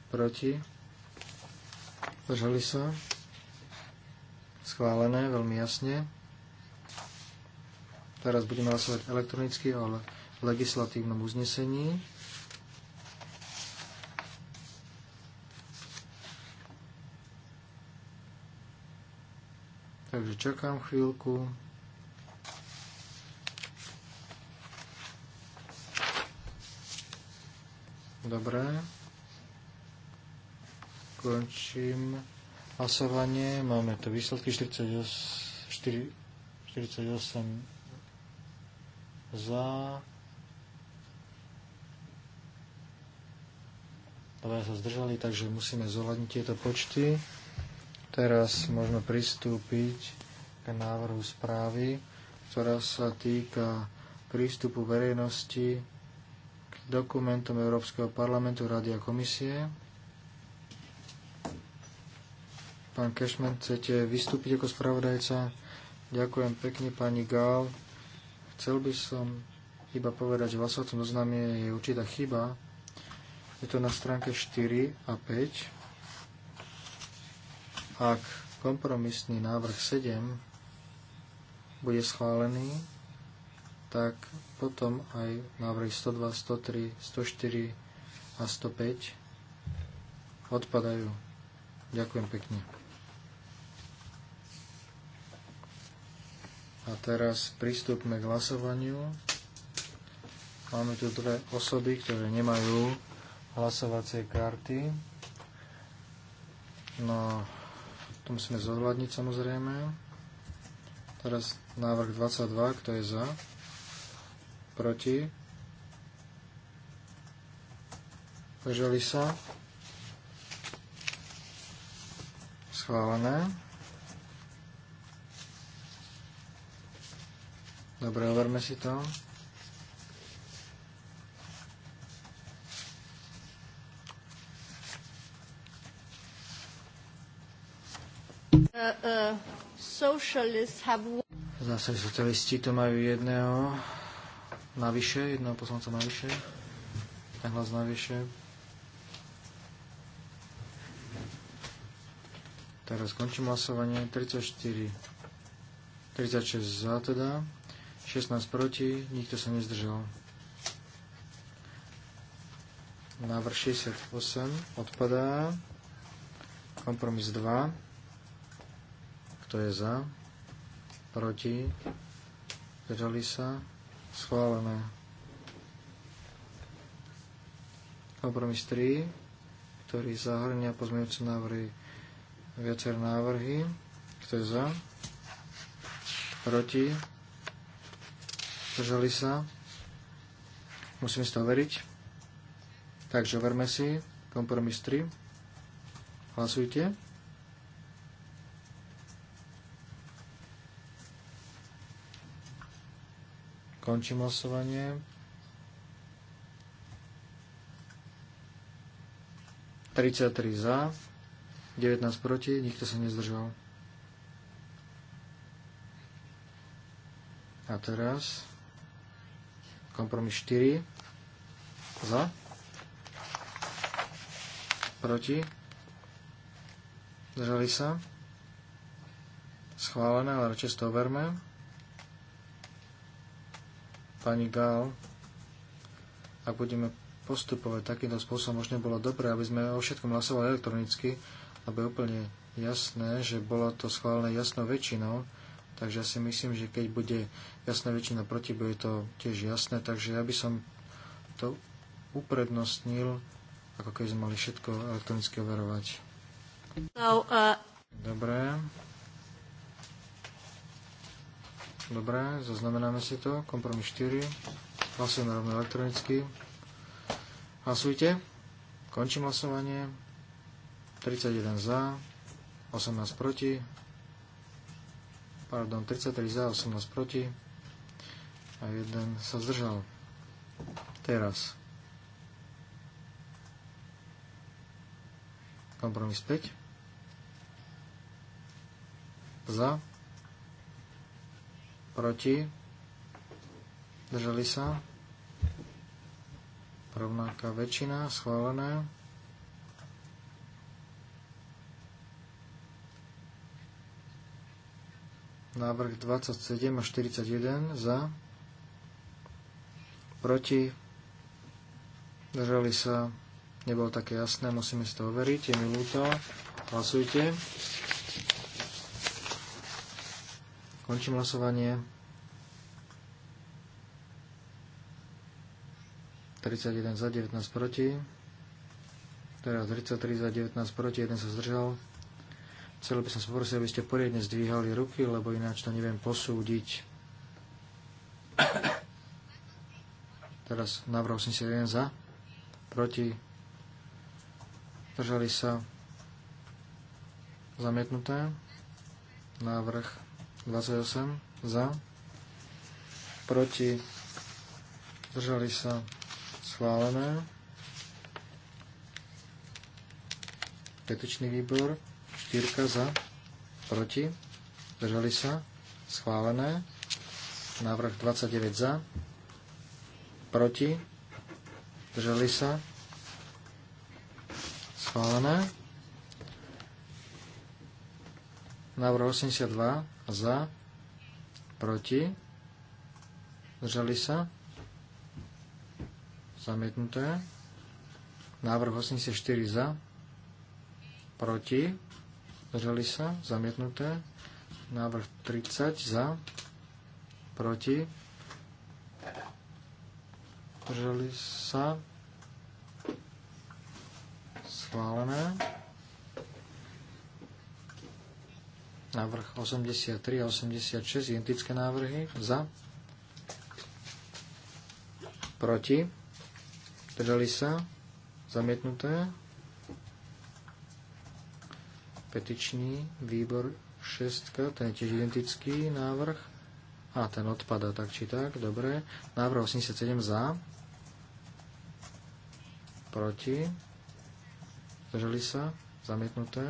Proti? Zdržali sa? Schválené, veľmi jasne. Teraz budeme hlasovať elektronicky o legislatívnom uznesení. Takže čakám chvíľku. Dobre. Končím hlasovanie. Máme tu výsledky 48, 48 za. 2 sa zdržali, takže musíme zohľadniť tieto počty. Teraz môžeme pristúpiť k návrhu správy, ktorá sa týka prístupu verejnosti dokumentom Európskeho parlamentu, Rady a komisie. Pán Kešman, chcete vystúpiť ako spravodajca? Ďakujem pekne, pani Gál. Chcel by som iba povedať, že v hlasovacom zozname je určitá chyba. Je to na stránke 4 a 5. Ak kompromisný návrh 7 bude schválený, tak potom aj návrhy 102, 103, 104 a 105 odpadajú. Ďakujem pekne. A teraz pristúpme k hlasovaniu. Máme tu dve osoby, ktoré nemajú hlasovacie karty. No, to musíme zohľadniť samozrejme. Teraz návrh 22, kto je za? proti, zdržali sa, schválené. Dobre, overme si to. Uh, uh, Zase socialisti to majú jedného navyše, jedného poslanca navyše, ten hlas navyše. Teraz končím hlasovanie. 34, 36 za teda, 16 proti, nikto sa nezdržal. Návrh 68 odpadá. Kompromis 2. Kto je za? Proti? Zdržali sa? Schválené. Kompromis 3, ktorý zahrňa pozmeňujúce návrhy viacer návrhy. Kto je za? Proti? Zdržali sa? Musíme si to overiť. Takže verme si kompromis 3. Hlasujte. Končím hlasovanie. 33 za, 19 proti, nikto sa nezdržal. A teraz kompromis 4 za, proti, zdržali sa, schválené, ale radšej to overme pani Gál, ak budeme postupovať takýmto spôsobom, možno bolo dobré, aby sme o všetkom hlasovali elektronicky, aby je úplne jasné, že bolo to schválené jasnou väčšinou, takže ja si myslím, že keď bude jasná väčšina proti, bude to tiež jasné, takže ja by som to uprednostnil, ako keď sme mali všetko elektronicky overovať. No, uh... Dobre. Dobre, zaznamenáme si to. Kompromis 4. Hlasujeme rovno elektronicky. Hlasujte. Končím hlasovanie. 31 za, 18 proti. Pardon, 33 za, 18 proti. A jeden sa zdržal. Teraz. Kompromis 5. Za proti, držali sa, rovnaká väčšina, schválené. Návrh 27 a 41 za, proti, zdržali sa, nebolo také jasné, musíme si to overiť, je mi ľúto, hlasujte. Končím hlasovanie. 31 za, 19 proti. Teraz 33 za, 19 proti, 1 sa zdržal. Chcel by som poprosiť, aby ste poriadne zdvíhali ruky, lebo ináč to neviem posúdiť. Teraz návrh 81 za, proti, držali sa zamietnuté. Návrh 28 za, proti, zdržali sa, schválené. Petičný výbor, 4 za, proti, zdržali sa, schválené. Návrh 29 za, proti, zdržali sa, schválené. Návrh 82 za, proti, zdržali sa, zamietnuté. Návrh 84 za, proti, zdržali sa, zamietnuté. Návrh 30 za, proti, zdržali sa, schválené. Návrh 83 a 86, identické návrhy. Za. Proti. Držali sa. Zamietnuté. Petičný výbor 6, ten je tiež identický návrh. A ten odpada tak či tak, dobre. Návrh 87 za. Proti. držali sa. Zamietnuté.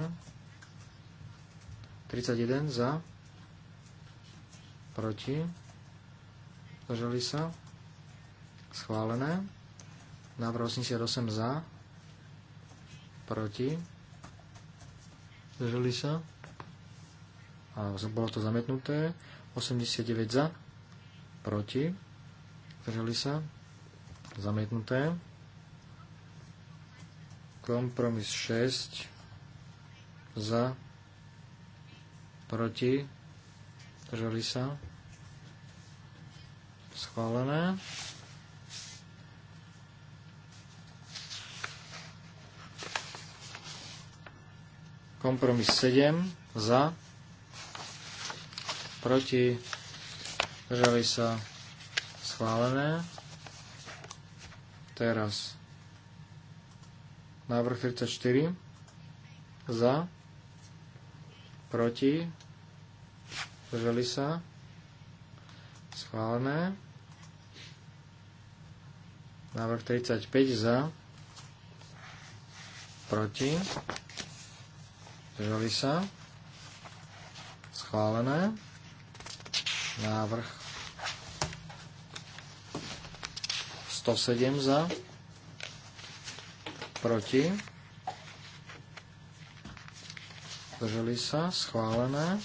31 za, proti, zdržali sa, schválené. Návrh 88 za, proti, zdržali sa a bolo to zamietnuté. 89 za, proti, zdržali sa, zamietnuté. Kompromis 6 za, proti, zdržali sa, schválené. Kompromis 7 za, proti, zdržali sa, schválené. Teraz návrh 34 za, proti, zdrželi sa, schválené. Návrh 35 za, proti, zdrželi sa, schválené. Návrh 107 za, proti, zdržali sa, schválené.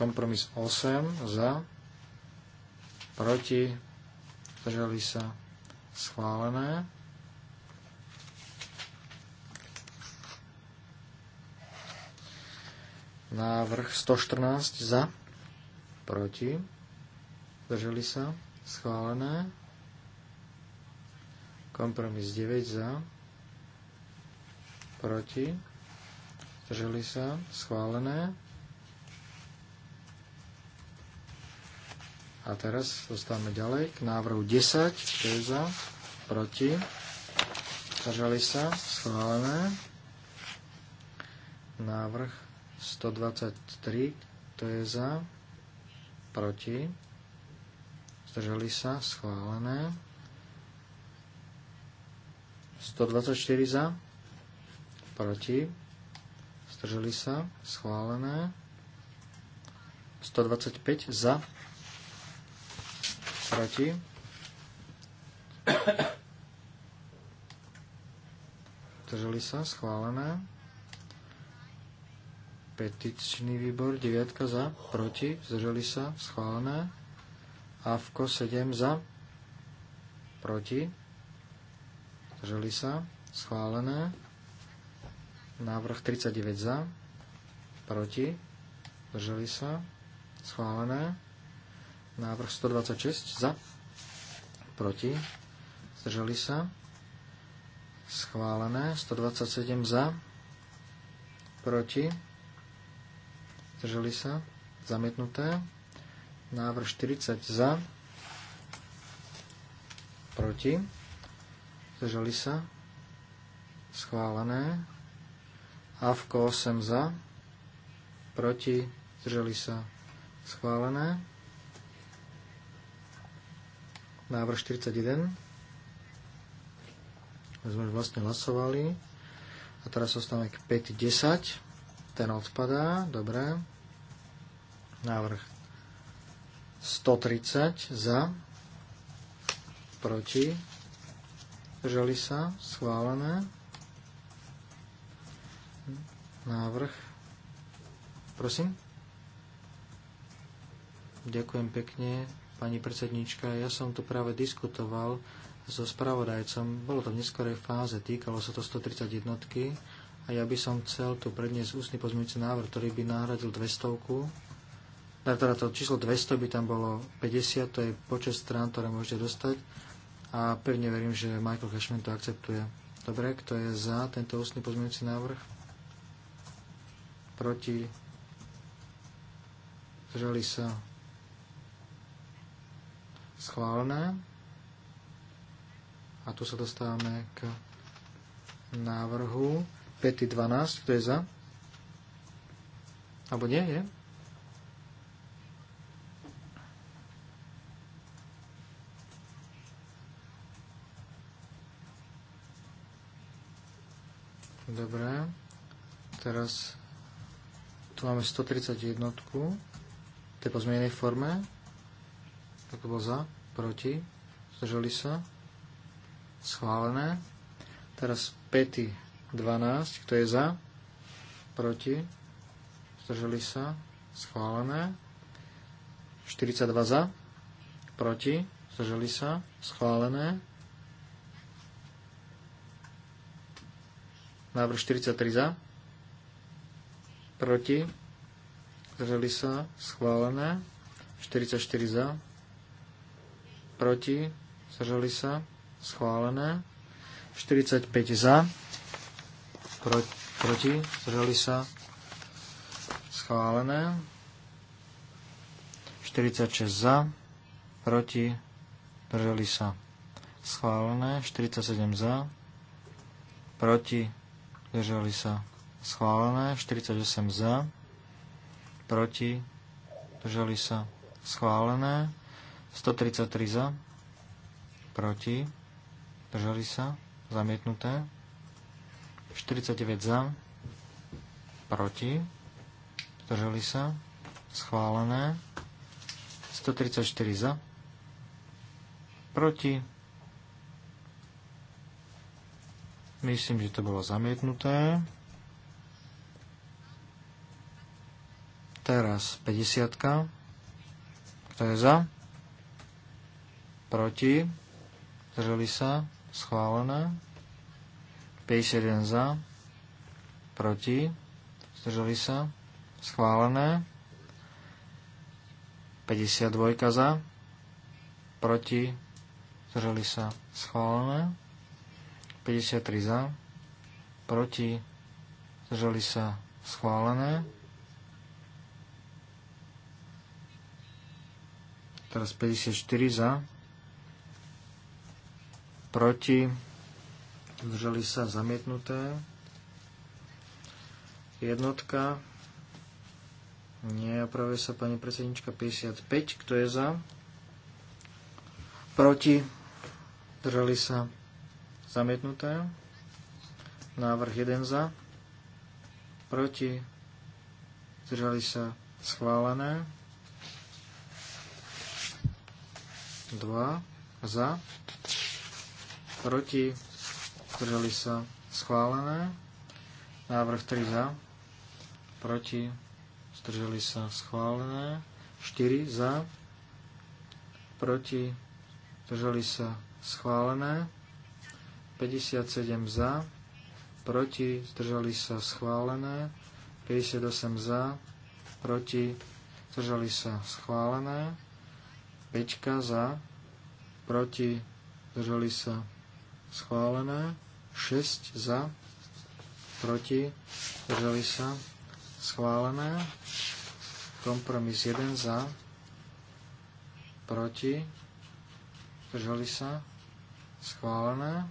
Kompromis 8 za, proti, zdržali sa, schválené. Návrh 114 za, proti, zdržali sa, schválené. Kompromis 9 za, proti, zdržali sa, schválené. A teraz dostávame ďalej k návrhu 10, kto je za, proti, zdržali sa, schválené. Návrh 123, to je za, proti, zdržali sa, schválené. 124 za, proti, zdržali sa, schválené. 125 za, proti. Zdržali sa, schválené. Petičný výbor, 9 za, proti, zdržali sa, schválené. AVKO 7 za, proti, zdržali sa, schválené. Návrh 39 za, proti, zdržali sa, schválené. Návrh 126 za, proti, zdržali sa, schválené. 127 za, proti, zdržali sa, zamietnuté. Návrh 40 za, proti, zdržali sa, schválené. Avko 8 za, proti, zdržali sa schválené. Návrh 41. My sme vlastne hlasovali. A teraz ostávame k 5.10. Ten odpadá, dobre. Návrh 130 za, proti, zdržali sa, schválené návrh. Prosím. Ďakujem pekne, pani predsednička. Ja som tu práve diskutoval so spravodajcom. Bolo to v neskorej fáze, týkalo sa to 130 jednotky a ja by som chcel tu predniesť ústny pozmeňujúci návrh, ktorý by nahradil 200. E, teda to číslo 200 by tam bolo 50, to je počet strán, ktoré môžete dostať a pevne verím, že Michael Cashman to akceptuje. Dobre, kto je za tento ústny pozmeňujúci návrh? proti, zdržali sa schválne. A tu sa dostávame k návrhu 5.12, kto je za? Alebo nie, nie? Dobre, teraz tu máme 131. jednotku, je po zmenenej forme. Tak to za, proti. Zdržali sa. Schválené. Teraz 5. 12. Kto je za? Proti. Zdržali sa. Schválené. 42 za. Proti. Zdržali sa. Schválené. Návrh 43 za proti, Zdrželi sa, schválené, 44 za, proti, Zdrželi sa, schválené, 45 za, pro, proti, Zdrželi sa, schválené, 46 za, proti, Zdrželi sa, schválené, 47 za, proti, Zdrželi sa, schválené, 48 za, proti, drželi sa, schválené, 133 za, proti, drželi sa, zamietnuté, 49 za, proti, drželi sa, schválené, 134 za, proti, myslím, že to bolo zamietnuté, Teraz 50. -ka. Kto je za? Proti? zdrželi sa? Schválené. 51 za. Proti? zdrželi sa? Schválené. 52 za. Proti? Zdržali sa? Schválené. 53 za. Proti? Zdržali sa? Schválené. Teraz 54 za. Proti. Zdržali sa zamietnuté. Jednotka. Nie, opravuje sa pani predsednička 55. Kto je za? Proti. Zdržali sa zamietnuté. Návrh 1 za. Proti. Zdržali sa schválené. 2 za, proti, zdržali sa schválené. Návrh 3 za, proti, zdržali sa schválené. 4 za, proti, zdržali sa schválené. 57 za, proti, zdržali sa schválené. 58 za, proti, zdržali sa schválené. 5 za, proti, zdržali sa schválené, 6 za, proti, zdržali sa schválené, kompromis 1 za, proti, zdržali sa schválené,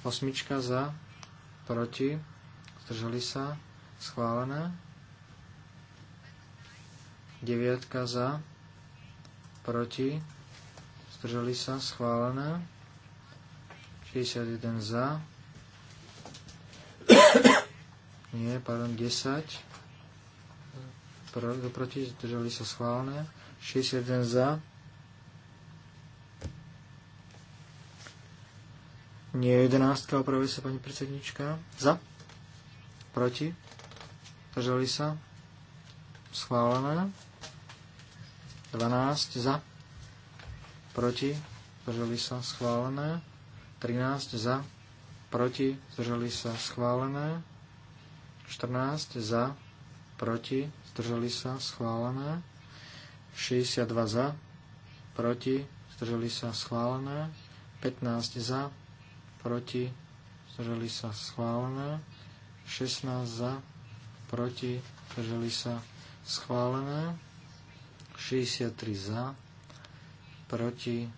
osmička za, proti, zdržali sa schválené, deviatka za, proti, zdržali sa, schválené. 61 za, <coughs> nie, pardon, 10, pro, proti, zdržali sa, schválené. 61 za, Nie 11, opravuje sa pani predsednička. Za? Proti? Zdržali sa? Schválené. 12 za, proti, zdržali sa schválené, 13 za, proti, zdržali sa schválené, 14 za, proti, zdržali sa schválené, 62 za, proti, zdržali sa schválené, 15 za, proti, zdržali sa schválené, 16 za, proti, zdržali sa schválené, 63 za, proti,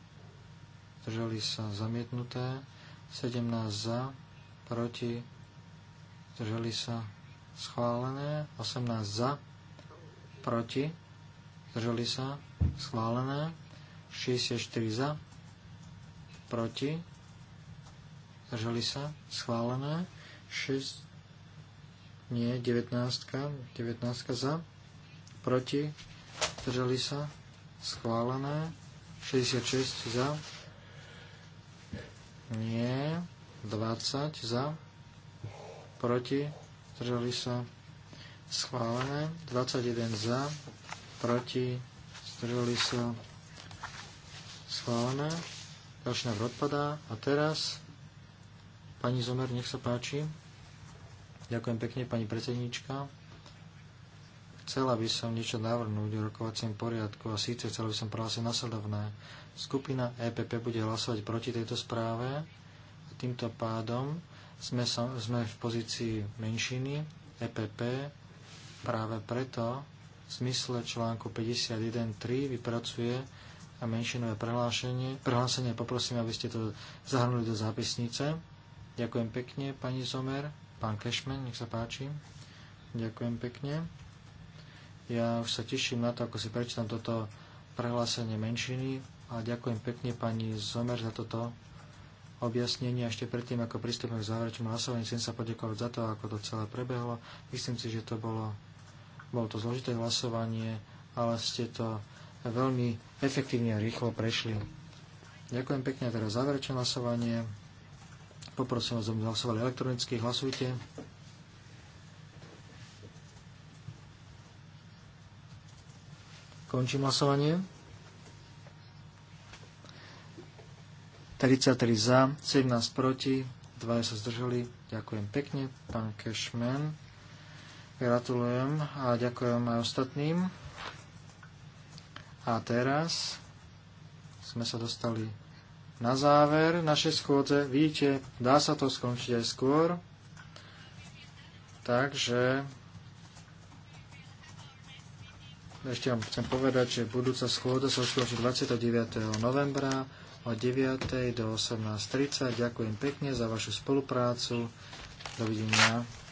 zdržali sa zamietnuté, 17 za, proti, zdržali sa schválené, 18 za, proti, zdržali sa schválené, 64 za, proti, zdržali sa schválené, 6, nie, 19, 19 za, proti, zdržali sa, schválené, 66 za, nie, 20 za, proti, zdržali sa, schválené, 21 za, proti, zdržali sa, schválené, ďalší návrh odpadá a teraz pani Zomer, nech sa páči. Ďakujem pekne, pani predsedníčka. Chcela by som niečo navrhnúť v rokovacím poriadku a síce chcela by som prehlasiť nasledovné. Skupina EPP bude hlasovať proti tejto správe a týmto pádom sme, sme v pozícii menšiny EPP práve preto v zmysle článku 51.3 vypracuje a menšinové prehlášenie. Prehlásenie poprosím, aby ste to zahrnuli do zápisnice. Ďakujem pekne, pani Zomer, pán Kešmen, nech sa páči. Ďakujem pekne. Ja už sa teším na to, ako si prečítam toto prehlásenie menšiny a ďakujem pekne pani Zomer za toto objasnenie. Ešte predtým, ako pristúpim k záverečnému hlasovaniu, chcem sa poďakovať za to, ako to celé prebehlo. Myslím si, že to bolo, bolo to zložité hlasovanie, ale ste to veľmi efektívne a rýchlo prešli. Ďakujem pekne teraz záverečné hlasovanie. Poprosím vás, aby hlasovali elektronicky. Hlasujte. Končím hlasovanie. 33 za, 17 proti, 2 sa zdržali. Ďakujem pekne, pán Cashman. Gratulujem a ďakujem aj ostatným. A teraz sme sa dostali na záver našej schôdze. Vidíte, dá sa to skončiť aj skôr. Takže ešte vám chcem povedať, že budúca schôda sa uskutoční 29. novembra od 9. do 18.30. Ďakujem pekne za vašu spoluprácu. Dovidenia.